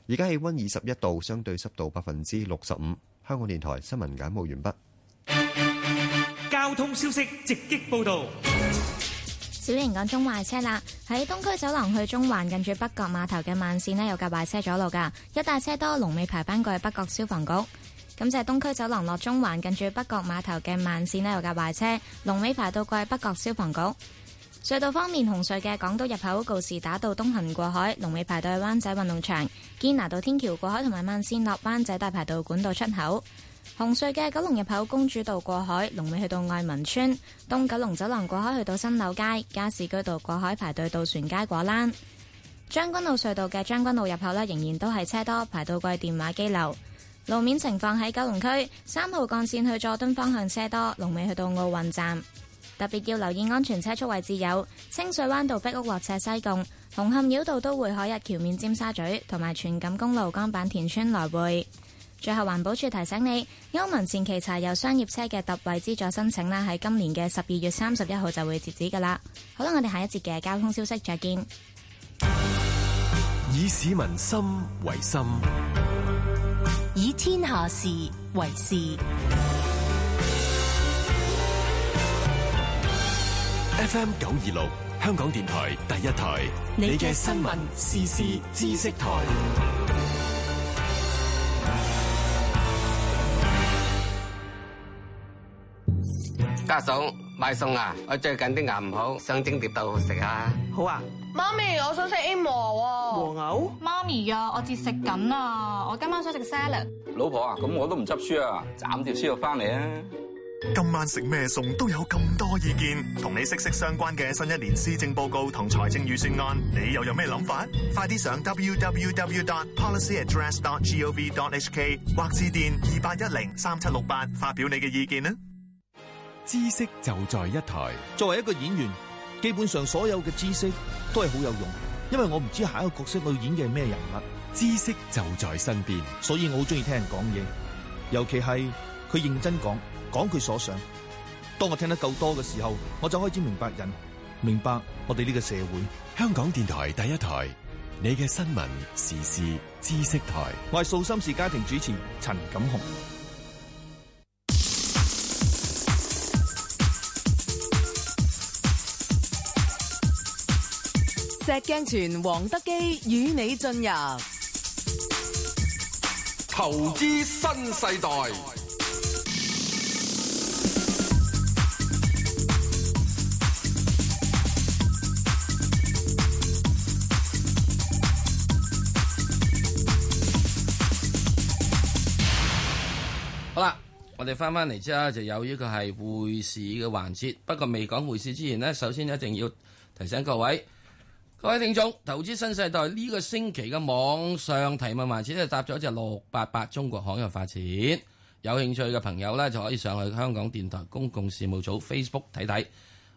而家氣溫二十一度，相對濕度百分之六十五。香港電台新聞簡報完畢。交通消息直擊報道：小型港中壞車啦，喺東區走廊去中環近住北角碼頭嘅慢線呢，有架壞車阻路㗎，一帶車多，龍尾排班過去北角消防局。咁就係東區走廊落中環，近住北角碼頭嘅慢線呢，有架壞車，龍尾排到過北角消防局。隧道方面，紅隧嘅港島入口告士打道東行過海，龍尾排到去灣仔運動場；堅拿道天橋過海同埋慢線落灣仔大排道管道出口。紅隧嘅九龍入口公主道過海，龍尾去到愛民村；東九龍走廊過海去到新樓街，加士居道過海排隊到渡船街果欄。將軍澳隧道嘅將軍澳入口呢，仍然都係車多，排到過電話機樓。路面情況，喺九龍區三號幹線去佐敦方向車多，龍尾去到奧運站。特別要留意安全車速位置有清水灣道碧屋落斜西貢、紅磡繞道都會海逸橋面尖沙咀同埋荃錦公路江板田村來回。最後環保署提醒你，歐盟前期柴油商業車嘅特惠資助申請啦，喺今年嘅十二月三十一號就會截止噶啦。好啦，我哋下一節嘅交通消息再見。以市民心為心，以天下事為事。FM 九二六，香港電台第一台，你嘅新聞、時事、知識台。家嫂買餸啊！我最近啲牙唔好，想蒸碟豆腐食啊！好啊，媽咪，我想食 A 毛啊！和牛？媽咪啊，我節食緊啊！我今晚想食 salad。老婆啊，咁我都唔執輸啊，斬碟豬肉翻嚟啊！今晚食咩餸都有咁多意見，同你息息相關嘅新一年施政報告同財政預算案，你又有咩諗法？快啲上 www.policyaddress.gov.hk 或致電二八一零三七六八發表你嘅意見啦！知識就在一台。作為一個演員，基本上所有嘅知識都係好有用，因為我唔知下一個角色我要演嘅係咩人物。知識就在身邊，所以我好中意聽人講嘢，尤其係佢認真講，講佢所想。當我聽得夠多嘅時候，我就開始明白人，明白我哋呢個社會。香港電台第一台，你嘅新聞時事知識台，我係素心事家庭主持陳錦雄。石鏡泉黃德幾與你進入投資新世代。世代好啦，我哋返返嚟之後就有依個係匯市嘅環節，不過未講匯市之前咧，首先一定要提醒各位。各位聽眾，投資新世代呢個星期嘅網上提問環節咧，答咗一隻六八八中國海外發展，有興趣嘅朋友呢，就可以上去香港電台公共事務組 Facebook 睇睇。咁、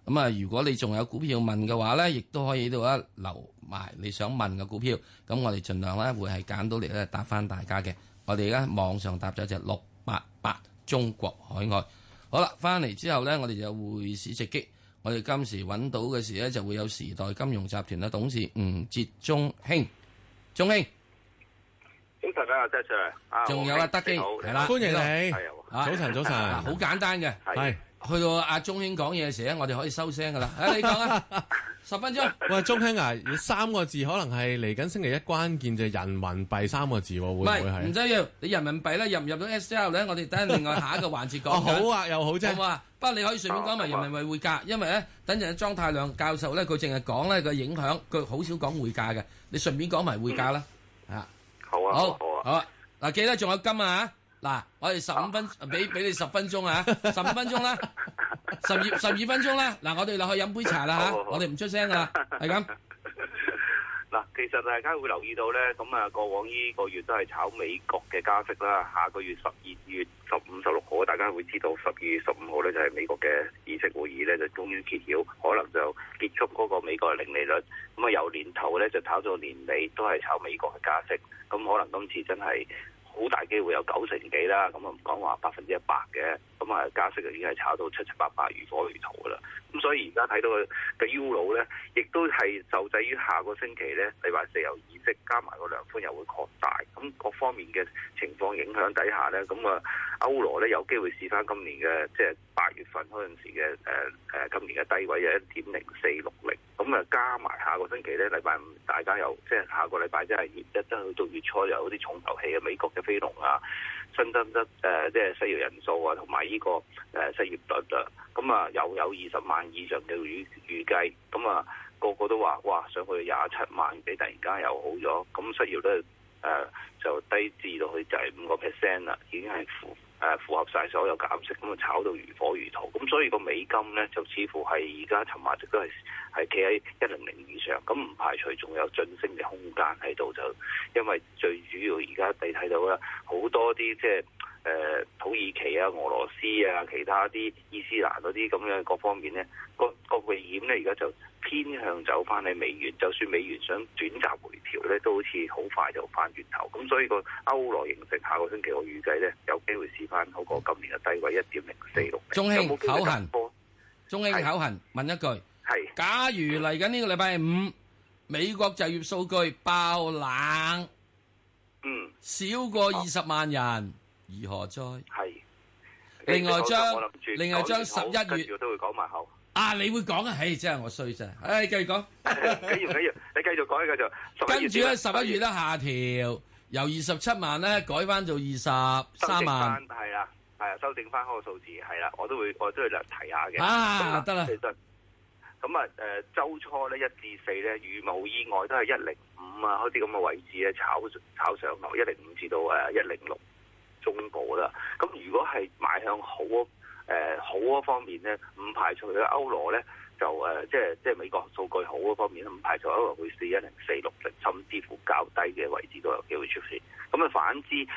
嗯、啊，如果你仲有股票問嘅話呢，亦都可以喺度啊留埋你想問嘅股票，咁我哋盡量呢會係揀到嚟，咧答翻大家嘅。我哋而家網上答咗一隻六八八中國海外。好啦，翻嚟之後呢，我哋就有匯市直擊。我哋今時揾到嘅時咧，就會有時代金融集團嘅董事吳哲中興，中興，早晨啊，真係，仲有啊，德幾係啦，好了歡迎你，早晨、哎、喲早晨，好、啊晨啊、簡單嘅係。的去到阿鍾興講嘢嘅時候咧，我哋可以收聲噶啦。啊、哎，你講啊， 十分鐘。喂，話鍾興啊，三個字可能係嚟緊星期一關鍵就係人民幣三個字，會唔會係？唔需要，你人民幣咧入唔入到 SDR 咧？我哋等下另外下一個環節講。好啊，又好啫，好好啊？好不過你可以順便講埋人民幣匯價，因為咧，等陣阿莊太亮教授咧，佢淨係講咧個影響，佢好少講匯價嘅。你順便講埋匯價啦。嗯、啊，啊，好啊。好，啊好啊，好啊。嗱，記得仲有金啊。嗱，我哋十五分，俾俾 你十分鐘啊！十五分鐘啦、啊，十二十二分鐘啦、啊。嗱，我哋落去飲杯茶啦嚇，我哋唔出聲啊，係咁 。嗱好， 其實大家會留意到咧，咁啊，過往呢個月都係炒美國嘅加息啦。下個月十二月十五、十六號，大家會知道十二月十五號咧就係美國嘅議息會議咧就終於揭曉，可能就結束嗰個美國嘅零利率。咁啊，由年頭咧就炒到年尾，都係炒美國嘅加息。咁可能今次真係。好大機會有九成幾啦，咁啊唔講話百分之一百嘅，咁啊加息就已經係炒到七七八八如火如荼噶啦。咁所以而家睇到嘅歐元咧，亦都係受制於下個星期咧，禮拜四有議息加埋個量寬又會擴大，咁各方面嘅情況影響底下咧，咁啊歐羅咧有機會試翻今年嘅即係八月份嗰陣時嘅誒誒今年嘅低位嘅一點零四六零。咁啊，加埋下個星期咧，禮拜五大家又即係下個禮拜、就是，即係一都去到月初又有啲重頭戲啊，美國嘅飛龍啊，新增得誒，即、呃、係、就是、失業人數啊，同埋呢個誒失業率啊，咁、嗯、啊又有二十萬以上嘅預預計，咁、嗯、啊個個都話哇，上去廿七萬幾，突然間又好咗，咁失業率誒、呃、就低至到去就係五個 percent 啦，已經係負。誒符合晒所有減息，咁啊炒到如火如荼，咁所以個美金咧就似乎係而家尋日都係係企喺一零零以上，咁唔排除仲有進升嘅空間喺度就，因為最主要而家你睇到咧好多啲即係誒土耳其啊、俄羅斯啊、其他啲伊斯蘭嗰啲咁樣各方面咧，嗰個個危險咧而家就。偏向走翻去美元，就算美元想短暫回調咧，都好似好快就翻轉頭。咁所以個歐羅形成下個星期，我預計咧有機會試翻好過今年嘅低位慶有有一點零四六。中興口痕，中興口痕，問一句，係是。假如嚟緊呢個禮拜五美國就業數據爆冷，嗯，少過二十萬人，如、啊、何再？係是。另外將，另外將十一月，好都會講埋後。啊！你會講啊？唉、哎，真係我衰真啫！唉、哎，繼續講，繼續繼續，你繼續講，繼續。跟住咧，十一月咧下調，由二十七萬咧改翻做二十三萬。係啦，係啊，修正翻嗰個數字係啦，我都會，我都會略提下嘅。啊，得啦、嗯，其實咁啊，誒，周、呃、初咧一至四咧，如無意外都係一零五啊，開啲咁嘅位置咧，炒炒上落一零五至到誒一零六中部啦。咁如果係買向好。誒好嗰方面咧，唔排除啊歐羅咧就誒、呃，即係即係美國數據好嗰方面咧，唔排除歐羅會試一零四六零，甚至乎較低嘅位置都有機會出現。咁、嗯、啊，反之誒、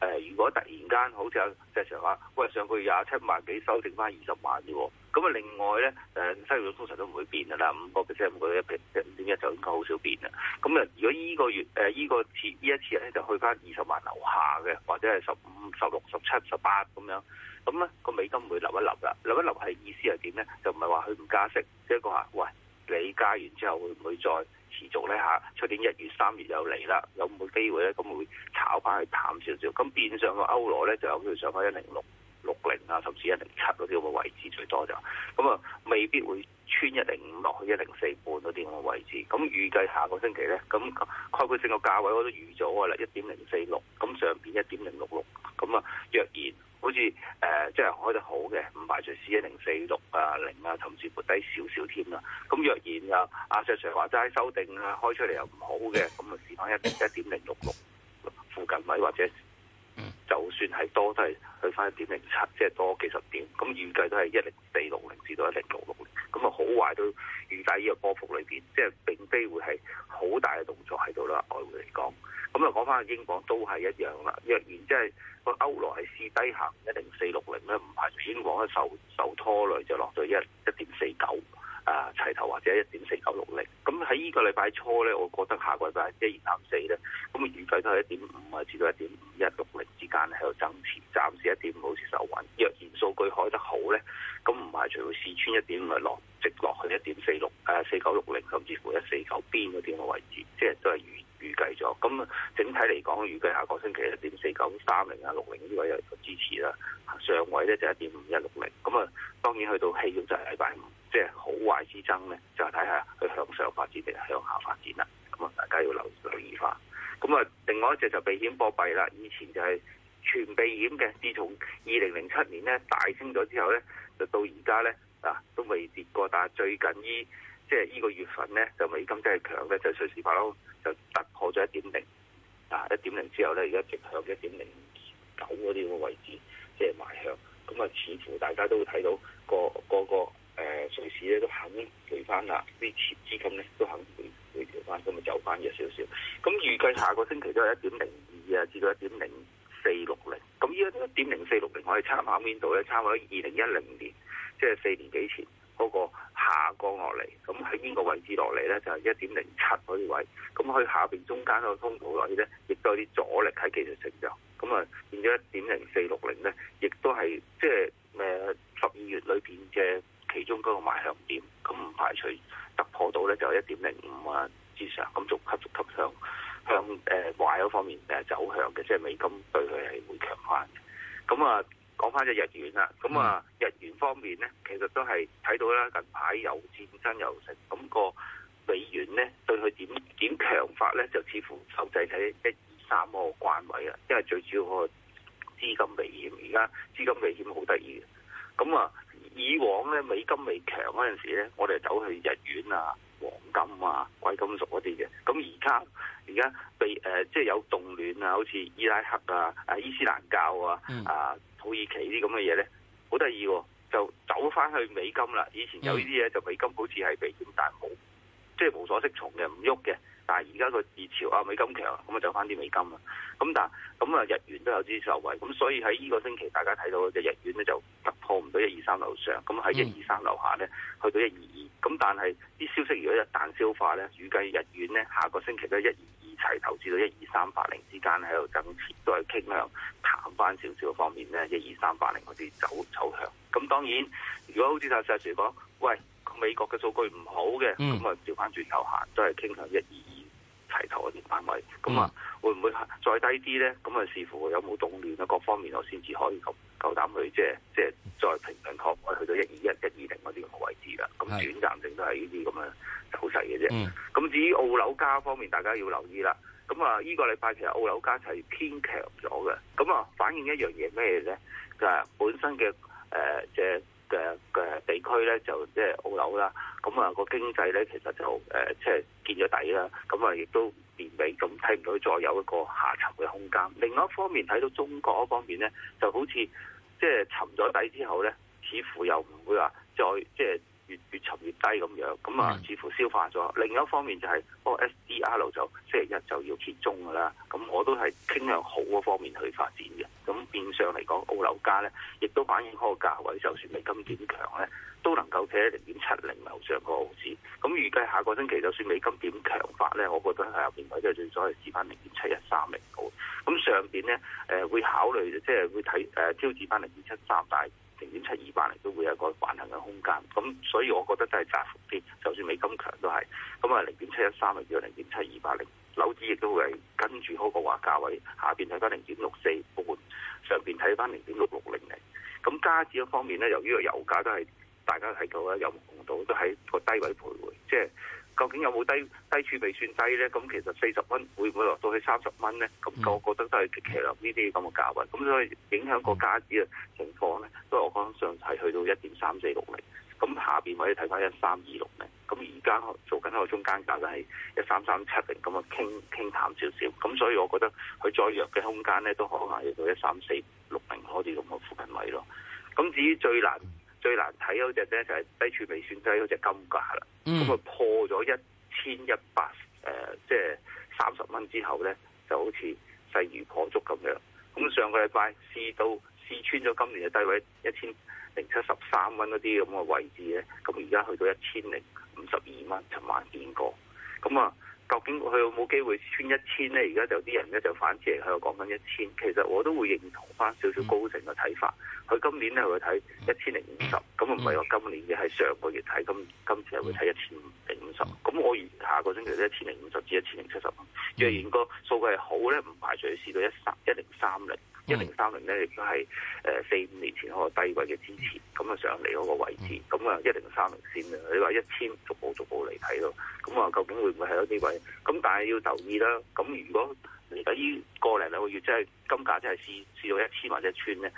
呃，如果突然間好似阿謝 Sir 話，喂上個月廿七萬幾，收，剩翻二十萬咋喎。咁啊，另外咧誒，收匯通常都唔會變嘅啦，五個 percent 五點一就應該好少變啦。咁、嗯、啊，如果呢個月誒依、呃這個次呢一次咧，就去翻二十萬樓下嘅，或者係十五、十六、十七、十八咁樣。咁咧個美金唔會留一留噶，留一留係意思係點咧？就唔係話佢唔加息，即係講話，喂，你加完之後會唔會再持續咧嚇？出年一月、三月又嚟啦，有冇機會咧？咁會炒翻去淡少少，咁變相個歐羅咧，就有機會，會點點上翻一零六六零啊，甚至一零七嗰啲咁嘅位置最多就，咁啊未必會穿一零五落去一零四半嗰啲咁嘅位置。咁預計下個星期咧，咁概括性嘅價位我都預咗㗎啦，一點零四六，咁上邊一點零六六，咁啊若然。好似誒，即係開得好嘅，唔排除四一零四六啊、零啊，甚至乎低少少添啦。咁若然啊，阿 Sir 話齋修訂啊，開出嚟又唔好嘅，咁啊試翻一一點零六六附近位或者。就算係多都係去翻一點零七，即係多幾十點，咁預計都係一零四六零至到一零六六零，咁啊好壞都預計呢個波幅裏邊，即係並非會係好大嘅動作喺度啦。外匯嚟講，咁啊講翻去英鎊都係一樣啦。若然即係個歐羅係試低行一零四六零咧，唔排除英鎊咧受受拖累就落到一一點四九。啊，齊頭或者一點四九六零，咁喺呢個禮拜初咧，我覺得下個禮拜即係一二三四咧，咁預計都係一點五啊至到一點五一六零之間喺度增持，暫時一點五好似受穩。若然數據開得好咧，咁唔係隨到試穿一點五落，直落去一點四六啊四九六零，甚至乎一四九邊嗰啲嘅位置，即係都係預預計咗。咁整體嚟講，預計下個星期一點四九三零啊六零呢位有支持啦。上位咧就一點五一六零，咁啊當然去到希臘就係禮拜五。即係好壞之爭咧，就睇下佢向上發展定係向下發展啦。咁啊，大家要留意留意翻。咁啊，另外一隻就避險波幣啦。以前就係全避險嘅，自從二零零七年咧大升咗之後咧，就到而家咧啊都未跌過。但係最近呢，即係呢個月份咧，就美金真係強咧，就瑞士法郎就突破咗一點零啊！一點零之後咧，而家直向一點零九嗰啲咁嘅位置，即係邁向。咁啊，似乎大家都會睇到個個、嗰個。嗰個誒，隨時咧都肯回翻啦，呢次資金咧都肯回回調翻，咁咪走翻咗少少。咁預計下個星期都係一點零二啊，至到一點零四六零。咁依家一點零四六零，可以參考邊度咧？參考二零一零年，即係四年幾前嗰個下降落嚟。咁喺邊個位置落嚟咧？就係一點零七嗰啲位。咁佢下邊中間個通道落去咧，亦都有啲阻力喺技術成就。咁啊，變咗一點零四六零咧，亦都係即係誒十二月裏邊嘅。其中嗰個邁向點，咁唔排除突破到咧就一點零五啊之上，咁逐級逐級向向誒壞嗰方面誒走向嘅，即係美金對佢係會強返嘅。咁啊，講返隻日元啦，咁啊日元方面咧，其實都係睇到啦，近排有戰爭又成，咁嗰個美元咧對佢點點強法咧，就似乎受制喺一二三個關位啊，因為最主要個資金危險，而家資金危險好得意嘅，咁啊。以往咧美金未強嗰陣時咧，我哋走去日元啊、黃金啊、貴金屬嗰啲嘅。咁而家而家被誒即係有動亂啊，好似伊拉克啊、啊伊斯蘭教啊、啊土耳其啲咁嘅嘢咧，好得意喎，就走翻去美金啦。以前有呢啲嘢就美金好似係避險，但係冇，即係無所適從嘅，唔喐嘅。啊、但係而家個熱潮啊，美金強，咁啊走翻啲美金啦、啊。咁但咁啊、嗯、日元都有啲受惠，咁所以喺呢個星期大家睇到嘅日元咧就突破唔到一二三樓上，咁喺一二三樓下咧去到 1, 2, 一二二。咁但係啲消息如果一旦消化咧，預計日元咧下個星期都一二二齊投資到一二三八零之間喺度增，持，都係傾向彈翻少少方面咧一二三八零嗰啲走走向。咁當然如果好似石鏡泉講，喂，美國嘅數據唔好嘅，咁啊調翻轉頭行都係傾向一二。齊頭嗰段範圍，咁啊、嗯，會唔會再低啲咧？咁啊，視乎有冇動亂，啊，各方面我先至可以咁夠膽去，即係即係再平平托去到一二一、一二零嗰啲咁嘅位置啦。咁短暫性都係呢啲咁樣走勢嘅啫。咁、嗯、至於澳樓價方面，大家要留意啦。咁啊，呢個禮拜其實澳樓價就係偏強咗嘅，咁啊反映一樣嘢咩咧？就係、是、本身嘅誒即係。呃嘅嘅地區咧就即係澳樓啦，咁啊個經濟咧其實就誒即係見咗底啦，咁啊亦都變味，咁睇唔到再有一個下沉嘅空間。另外一方面睇到中國嗰方面咧，就好似即係沉咗底之後咧，似乎又唔會話再即係越越沉越低咁樣，咁啊似乎消化咗。另一方面就係個 SDR 就星期一就要揭盅噶啦，咁我都係傾向好嗰方面去發展嘅，咁變相嚟講澳樓價咧。都反映嗰個價位，就算美金點強咧，都能夠企喺零點七零樓上個毫子。咁預計下個星期，就算美金點強法咧，我覺得喺入邊位即係最左係試翻零點七一三零好。咁上邊咧，誒、呃、會考慮即係會睇誒、呃、挑戰翻零點七三，但係零點七二八零都會有一個反彈嘅空間。咁所以我覺得真係窄幅啲，就算美金強都係咁啊，零點七一三零或者零點七二八零樓指亦都會係跟住開個話價位。下邊睇翻零點六四半，上邊睇翻零點六六零零。咁加紙方面咧，由於個油價都係大家睇到咧，有目共睹都喺個低位徘徊。即係究竟有冇低低處未算低咧？咁其實四十蚊會唔會落到去三十蚊咧？咁、嗯、我覺得都係騎立呢啲咁嘅價位。咁所以影響個加紙嘅情況咧，嗯、都我講上次係去到一點三四六零。咁下邊位睇翻一三二六咧，咁而家做緊個中間價就係一三三七零，咁啊傾傾淡少少，咁所以我覺得佢再弱嘅空間咧都可能去到一三四六零嗰啲咁嘅附近位咯。咁至於最難最難睇嗰隻咧就係低處未算低嗰隻金價啦，咁佢、mm. 破咗一千一百誒，即係三十蚊之後咧，就好似勢如破竹咁樣。咁上個禮拜試到試穿咗今年嘅低位一千零七十三蚊嗰啲咁嘅位置咧，咁而家去到一千零五十二蚊尋晚見過，咁啊，究竟佢有冇機會穿一千咧？而家就啲人咧就反嚟喺度講緊一千，其實我都會認同翻少少高盛嘅睇法，佢今年咧會睇一千零五十，咁唔係我今年嘅係上個月睇，今今次係會睇一千零五十。咁我預下個星期一千零五十至一千零七十，若然個數據係好咧，唔排除試到一十一零三零，一零三零咧，亦都係誒四五年前嗰個低位嘅支持，咁啊上嚟嗰個位置，咁啊一零三零先啊！你話一千逐步逐步嚟睇咯，咁啊究竟會唔會係有啲位？咁但係要留意啦。咁如果嚟緊呢個零兩個月，即係金價即係試試到一千或者一千咧，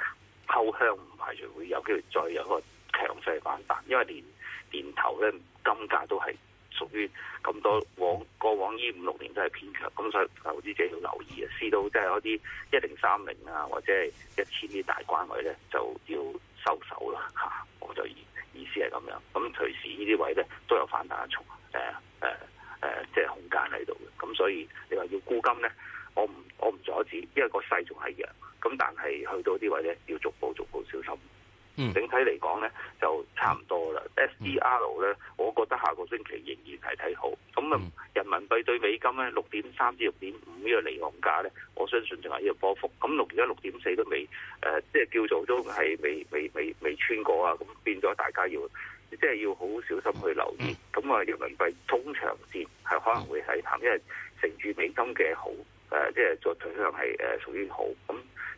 後向唔排除會有機會再有個強勢反彈，因為年年頭咧金價都係。屬於咁多往過往呢五六年都係偏強，咁所以投資者要留意啊。試到即係一啲一零三零啊，或者係一千啲大關位咧，就要收手啦嚇、啊。我就意意思係咁樣。咁隨時呢啲位咧都有反彈嘅從誒誒誒，即、呃、係、呃就是、空間喺度嘅。咁所以你話要沽金咧，我唔我唔阻止，因為個勢仲係弱。咁但係去到啲位咧，要逐步逐步小心。嗯、整體嚟講咧，就差唔多啦。S D R 咧，我覺得下個星期仍然係睇好。咁啊，人民幣對美金咧，六點三至六點五呢個離岸價咧，我相信仲係呢個波幅。咁六而家六點四都未誒，即、呃、係叫做都係未未未未穿過啊。咁變咗大家要即係要好小心去留意。咁啊，人民幣通長線係可能會睇淡，因為承住美金嘅好誒、呃，即係作趨向係誒屬於好咁。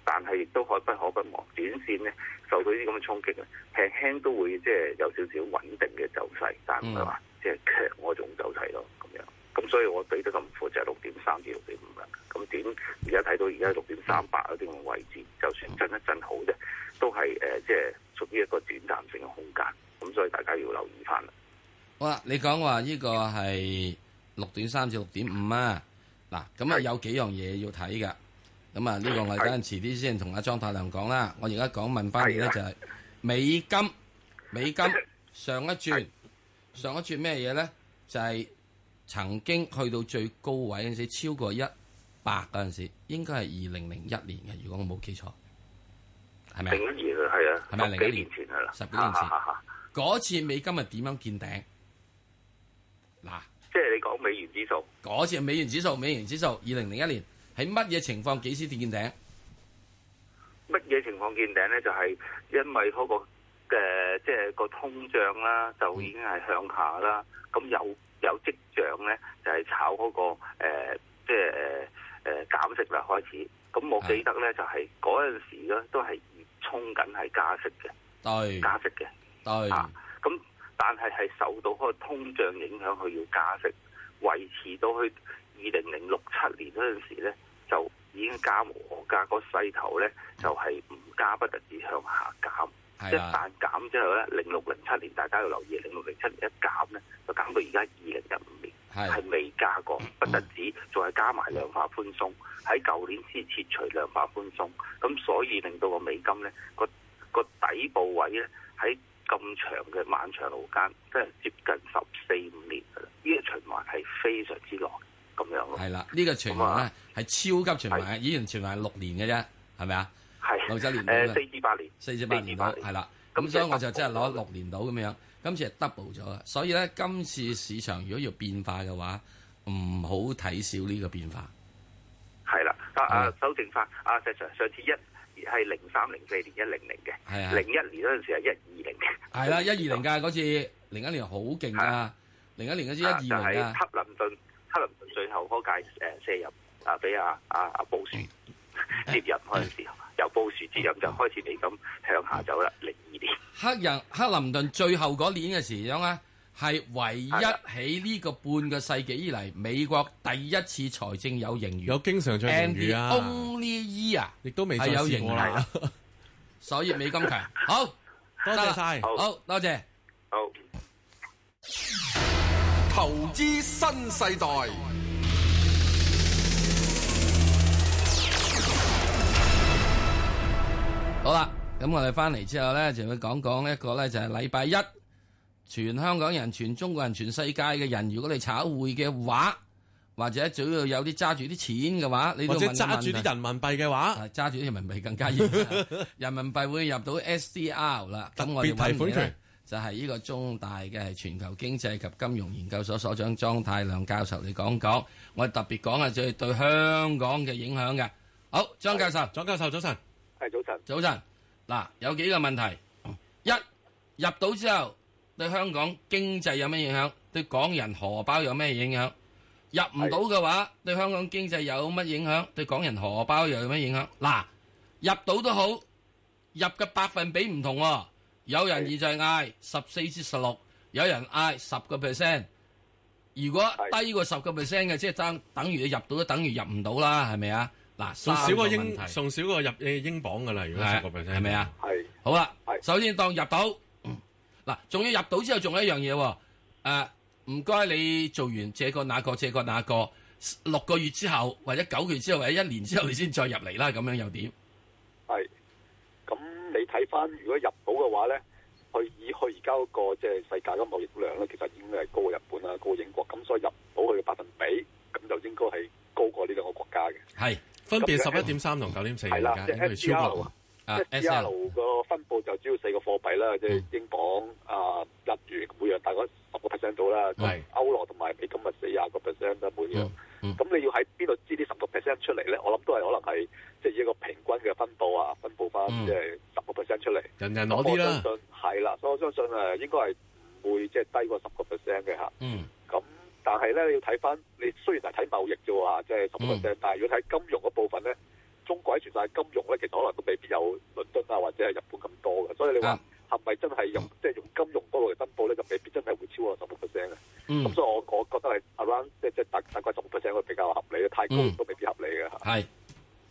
但係亦都可不可不忘，短線咧受到啲咁嘅衝擊啊，輕輕都會即係有少少穩定嘅走勢，但唔係話即係強嗰種走勢咯，咁樣。咁所以我俾得咁闊就係、是、六點三至六點五啦。咁點而家睇到而家六點三八嗰啲嘅位置，就算震一震好啫，都係誒、呃、即係屬於一個短暫性嘅空間。咁所以大家要留意翻啦。好啦，你講話呢個係六點三至六點五啊？嗱，咁啊有幾樣嘢要睇噶。咁啊，呢個我等陣遲啲先同阿莊太良講啦。我而家講問翻你咧，就係美金，美金上一轉，上一轉咩嘢咧？就係、是、曾經去到最高位嗰陣時，超過一百嗰陣時，應該係二零零一年嘅，如果我冇記錯，係咪？零一年？係啊，係咪零幾年前啦？ 十幾年前嗰次美金係點樣見頂？嗱，即係你講美元指數，嗰次美元指數，美元指數二零零一年。喺乜嘢情況幾時見頂？乜嘢情況見頂咧？就係、是、因為嗰、那個即係、呃就是、個通脹啦，就已經係向下啦。咁有有跡象咧，就係、是、炒嗰、那個即係誒誒減息啦開始。咁我記得咧，的就係嗰陣時咧都係衝緊係加息嘅，對加息嘅，對。咁、啊、但係係受到嗰個通脹影響，佢要加息，維持到去二零零六七年嗰陣時咧。就已經加和加，個勢頭咧就係、是、唔加不得止向下減，即係的但減之後咧，零六零七年大家要留意，零六零七年一減咧，就減到而家二零一五年係的未加過，不得止，仲係加埋量化寬鬆。喺舊年先撤除量化寬鬆，咁所以令到個美金咧個、那個底部位咧喺咁長嘅漫長路間，即係接近十四五年噶啦，呢、這個循環係非常之耐。咁樣咯，係啦，呢個循環咧係超級循環嘅，以前循環係六年嘅啫，係咪啊？係六仔年誒四至八年，四至八年，係啦。咁所以我就真係攞六年到咁樣，今次係 double 咗啊！所以咧，今次市場如果要變化嘅話，唔好睇少呢個變化。係啦，阿周正發，阿石上上次一係零三零四年一零零嘅，零一年嗰陣時係一二零嘅，係啦一二零㗎嗰次，零一年好勁啊，零一年嗰次一二年啊，克林頓，克林頓。最後嗰屆誒，卸任啊，俾阿阿阿布殊接任開始，由布殊接任，就開始嚟咁向下走啦。零二年，黑人克林頓最後嗰年嘅時樣啊，係唯一喺呢個半個世紀以嚟美國第一次財政有盈餘，我經常性盈餘啊！Only year，亦都未有盈餘。所以美金強，好，多謝晒，好多謝，好，投資新世代。好啦，咁我哋翻嚟之後咧，就會講講一個咧，就係禮拜一，全香港人、全中國人、全世界嘅人，如果你炒匯嘅話，或者主要有啲揸住啲錢嘅話，或者揸住啲人民幣嘅話，揸住啲人民幣更加要，人民幣會入到 SDR 啦。咁我哋嘅話題咧就係呢個中大嘅全球經濟及金融研究所所長莊太量教授你講講，我特別講係最對香港嘅影響嘅。好，莊教授、左教授，早晨。係早晨，早晨嗱，有幾個問題，一入到之後對香港經濟有咩影響？對港人荷包有咩影響？入唔到嘅話，對香港經濟有乜影響？對港人荷包又有咩影響？嗱，入到都好，入嘅百分比唔同，有人而在嗌十四至十六，有人嗌十個 percent。如果低過十個 percent 嘅，即係等等於你入到都等於入唔到啦，係咪啊？嗱，從少個英從少個入英鎊㗎啦，如果十國幣係咪啊？係，好啦，首先當入到嗱，仲、嗯、要入到之後，仲有一樣嘢喎、啊。唔、啊、該你做完借過個那個借個那個六個月之後，或者九個月之後，或者一年之後， 之後你先再入嚟啦。咁樣又點？係，咁你睇翻如果入到嘅話咧，佢以佢而家嗰個即係世界嘅貿易量咧，其實已經係高日本啦，高英國，咁所以入到佢嘅百分比，咁就應該係高過呢兩個國家嘅。係。分別十一點三同九點四而家，應該超過啊！S L 個分佈就只要四個貨幣啦，即係英鎊啊、日元每樣大概十個 percent 到啦，即歐羅同埋美金日四廿個 percent 每樣。咁你要喺邊度支啲十個 percent 出嚟咧？我諗都係可能係即以一個平均嘅分佈啊，分佈翻即係十個 percent 出嚟。人人攞啲啦，係啦，所以我相信誒應該係唔會即係低過十個 percent 嘅嚇。嗯，咁。但係咧，你要睇翻你雖然係睇貿易啫喎，即係十五%。嗯、但係如果睇金融嗰部分咧，中國喺全世界金融咧其實可能都未必有倫敦啊或者係日本咁多嘅。所以你話係咪真係用、啊嗯、即係用金融多度嚟分佈咧，就未必真係會超過十五%嘅。咁、嗯、所以我我覺得係 around 即係即係大概十五%會比較合理嘅，太高都未必合理嘅嚇。係係、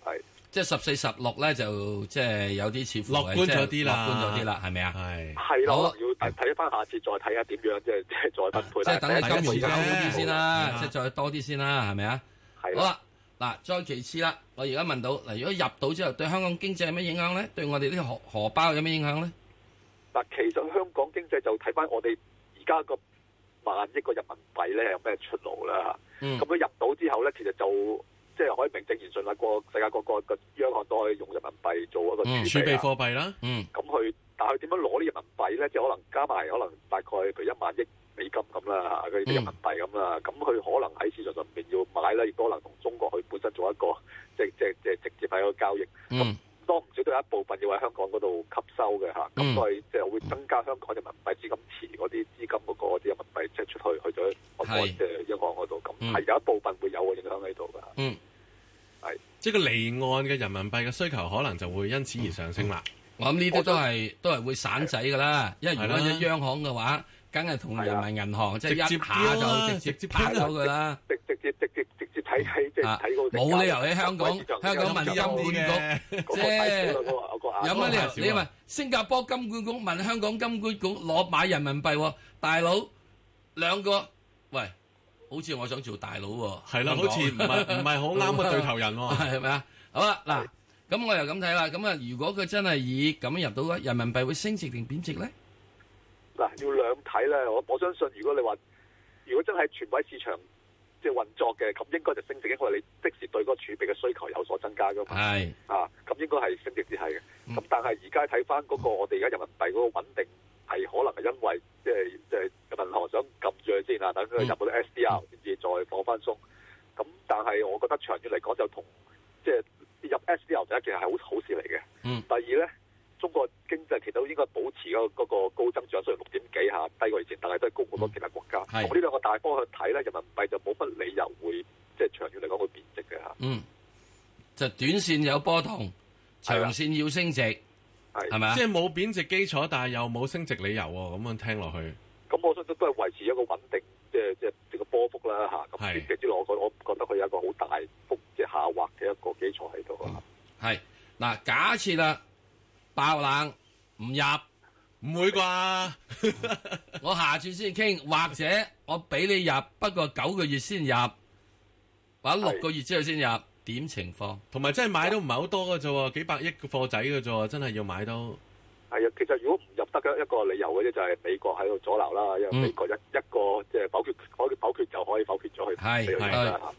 嗯。是即係十四十六咧，就即係有啲似乎樂觀咗啲啦，樂觀咗啲啦，係咪啊？係係啦，好要睇翻下次再睇下點樣，即係即係再分配、啊、是等喺今次先啦，即係再多啲先啦，係咪啊？係的。好啦，嗱，再其次啦，我而家問到嗱，如果入到之後對香港經濟有咩影響咧？對我哋呢個荷荷包有咩影響咧？嗱，其實香港經濟就睇翻我哋而家個萬億個人民幣咧有咩出路啦嚇。嗯。咁佢入到之後咧，其實就即係可以名正言順啦，個世界各地嘅央行都可以用人民幣做一個儲備、嗯、儲備貨幣啦。嗯，咁佢，但係佢點樣攞啲人民幣咧？就可能加埋，可能大概佢一萬億美金咁啦，嚇佢啲人民幣咁啦。咁佢可能喺市場上邊要買咧，亦都可能同中國佢本身做一個即係即係即係直接喺個交易。咁當唔少都有一部分要喺香港嗰度吸收嘅嚇。嗯。嗯。離岸嘅人民幣嘅需求可能就會因此而上升啦。我諗呢啲都係都係會散仔噶啦，因為如果央行嘅話，梗係同人民銀行即係直接拍就直接拍咗佢啦。直直接直接直接睇睇即係睇嗰個。冇理由喺香港，香港問金管局，有乜理由？你問新加坡金管局問香港金管局攞買人民幣，大佬兩個喂。好似我想做大佬喎，啊，啦，啊，能能好似唔係唔係好啱嘅對頭人喎，係咪啊？ 好啦，嗱，咁是我又咁睇啦，咁啊，如果佢真係以咁樣入到人民幣會升值定貶值咧？嗱，要兩睇咧，我我相信如果你話，如果真係全位市場即係運作嘅，咁應該就升值，因為你即時對嗰個儲備嘅需求有所增加噶嘛。係是啊，咁應該係升值至係嘅，咁、嗯、但係而家睇翻嗰個我哋而家人民幣嗰個穩定。係可能係因為即係即係銀行想撳住佢先啊，等佢入到 SDR 先至再放翻鬆。咁、嗯、但係我覺得長遠嚟講就同即係入 SDR 第一件係好好事嚟嘅。嗯。第二咧，中國經濟其實都應該保持嗰嗰個高增長，雖然六點幾吓低過以前，但係都係高過好多其他國家。係、嗯。我呢兩個大方向去睇咧，人民幣就冇乜理由會即係、就是、長遠嚟講會貶值嘅吓。嗯。就短綫有波動，長綫要升值。係，咪即係冇貶值基礎，但係又冇升值理由喎。咁樣聽落去，咁我覺得都係維持一個穩定，即係即係個波幅啦嚇。係是，其實我我覺得佢有一個好大幅嘅下滑嘅一個基礎喺度、嗯、啊。係，嗱，假設啦，爆冷唔入，唔會啩？是 我下次先傾，或者我俾你入，不過九個月先入，或者六個月之後先入。點情況？同埋真係買都唔係好多嘅啫，幾百億個貨仔嘅啫，真係要買都係啊。嗯、其實如果唔入得嘅一個理由嘅啫，就係美國喺度阻撓啦。因為美國一一個即係否決，可否，否決就可以否決咗佢。係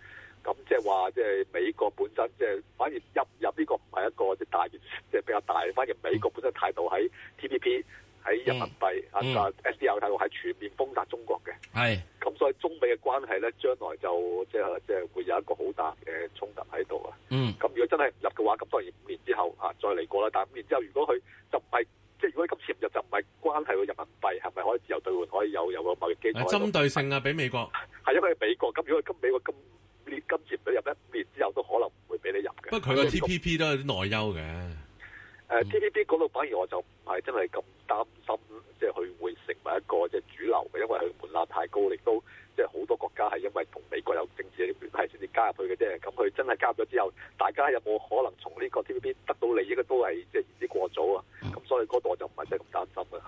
咁即係話，即係的美國本身，即係反而入入呢個唔係一個即係大，即係比較大。反而美國本身態度喺 TPP。喺人民幣啊，S D R 睇到係全面封殺中國嘅。係咁的，所以中美嘅關係咧，將來就即係即係會有一個好大嘅衝突喺度啊。咁、嗯、如果真係唔入嘅話，咁當然五年之後啊，再嚟過啦。但係五年之後，啊、之後如果佢就唔係即係如果今次唔入，就唔係關係個人民幣係咪可以自由對換，可以有有個貿易機制？針對性啊，俾美國係 因為美國今如果今美國今年今次唔俾入咧，五年之後都可能唔會俾你入嘅。不過佢、這個 T P P 都有啲內憂嘅。誒、uh, 嗯、T、PP、P P 嗰度反而我就唔係真係咁。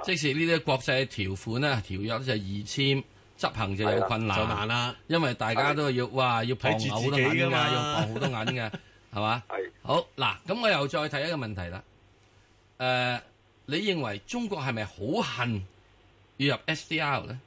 即是呢啲國際嘅條款咧、條約就易簽，執行就有困難，就難啦、啊。因為大家都要哇，要傍好多銀嘅，要傍好多銀嘅，係、嗯、嘛？係。好嗱，咁我又再睇一個問題啦。誒、呃，你認為中國係咪好恨要入 SDR 咧？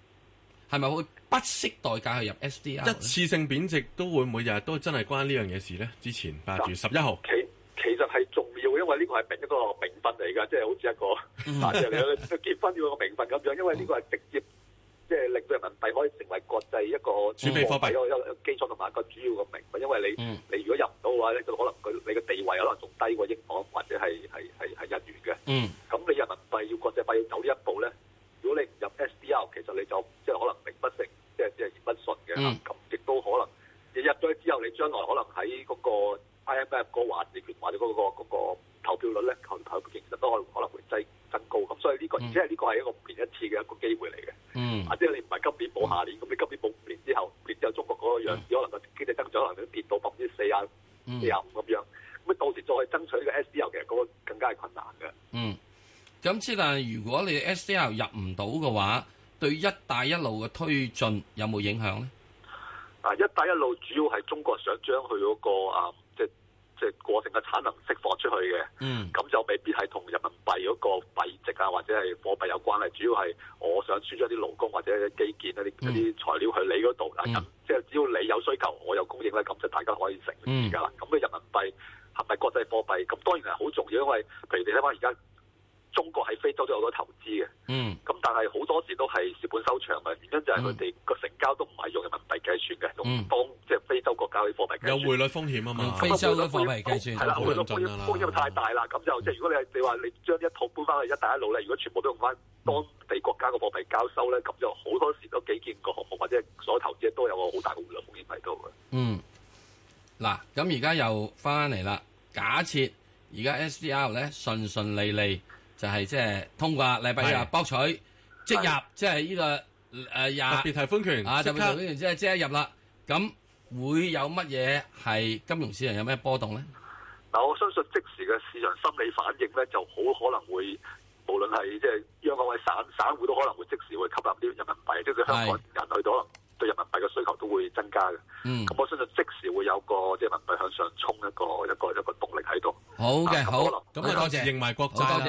係咪會不惜代價去入 SDR？ 一次性貶值都會唔會日日都真係關呢樣嘢事咧？之前八月十一號，其 其實係重要，因為呢個係另一個。份嚟噶，即係好似一個，即係結婚要個名份咁樣，因為呢個係直接，即係令到人民幣可以成為國際一個儲備貨幣一個基礎同埋一個主要個名分。因為你你如果入唔到嘅話咧，就可能佢你嘅地位可能仲低過英鎊或者係係係係日元嘅。但係如果你 SDR 入唔到嘅話，對一帶一路嘅推進有冇影響咧？啊！一帶一路。咁非洲嘅貨幣計算係啦，風險仲係啦，風險太大啦。咁就，即係如果你係你話你將一套搬翻去一帶一路咧，如果全部都用翻當地國家嘅貨幣交收咧，咁就好多時都基建嘅項目或者所投資都有個好大嘅匯率風險喺度嘅。嗯，嗱，咁而家又翻嚟啦。假設而家 SDR 咧順順利利就係即係通過禮拜日博取即入，即係呢個誒特別提款權啊，特別提款權即係即入啦。咁會有乜嘢？係金融市場有咩波動咧？嗱，我相信即時嘅市場心理反應咧，就好可能會無論係即係香港嘅散散戶都可能會即時會吸入啲人民幣，是即係香港人去到可能對人民幣嘅需求都會增加嘅。咁、嗯、我相信即時會有個即係人民幣向上衝一個一個一個動力喺度。好嘅的，好咁啊，多謝認埋國際。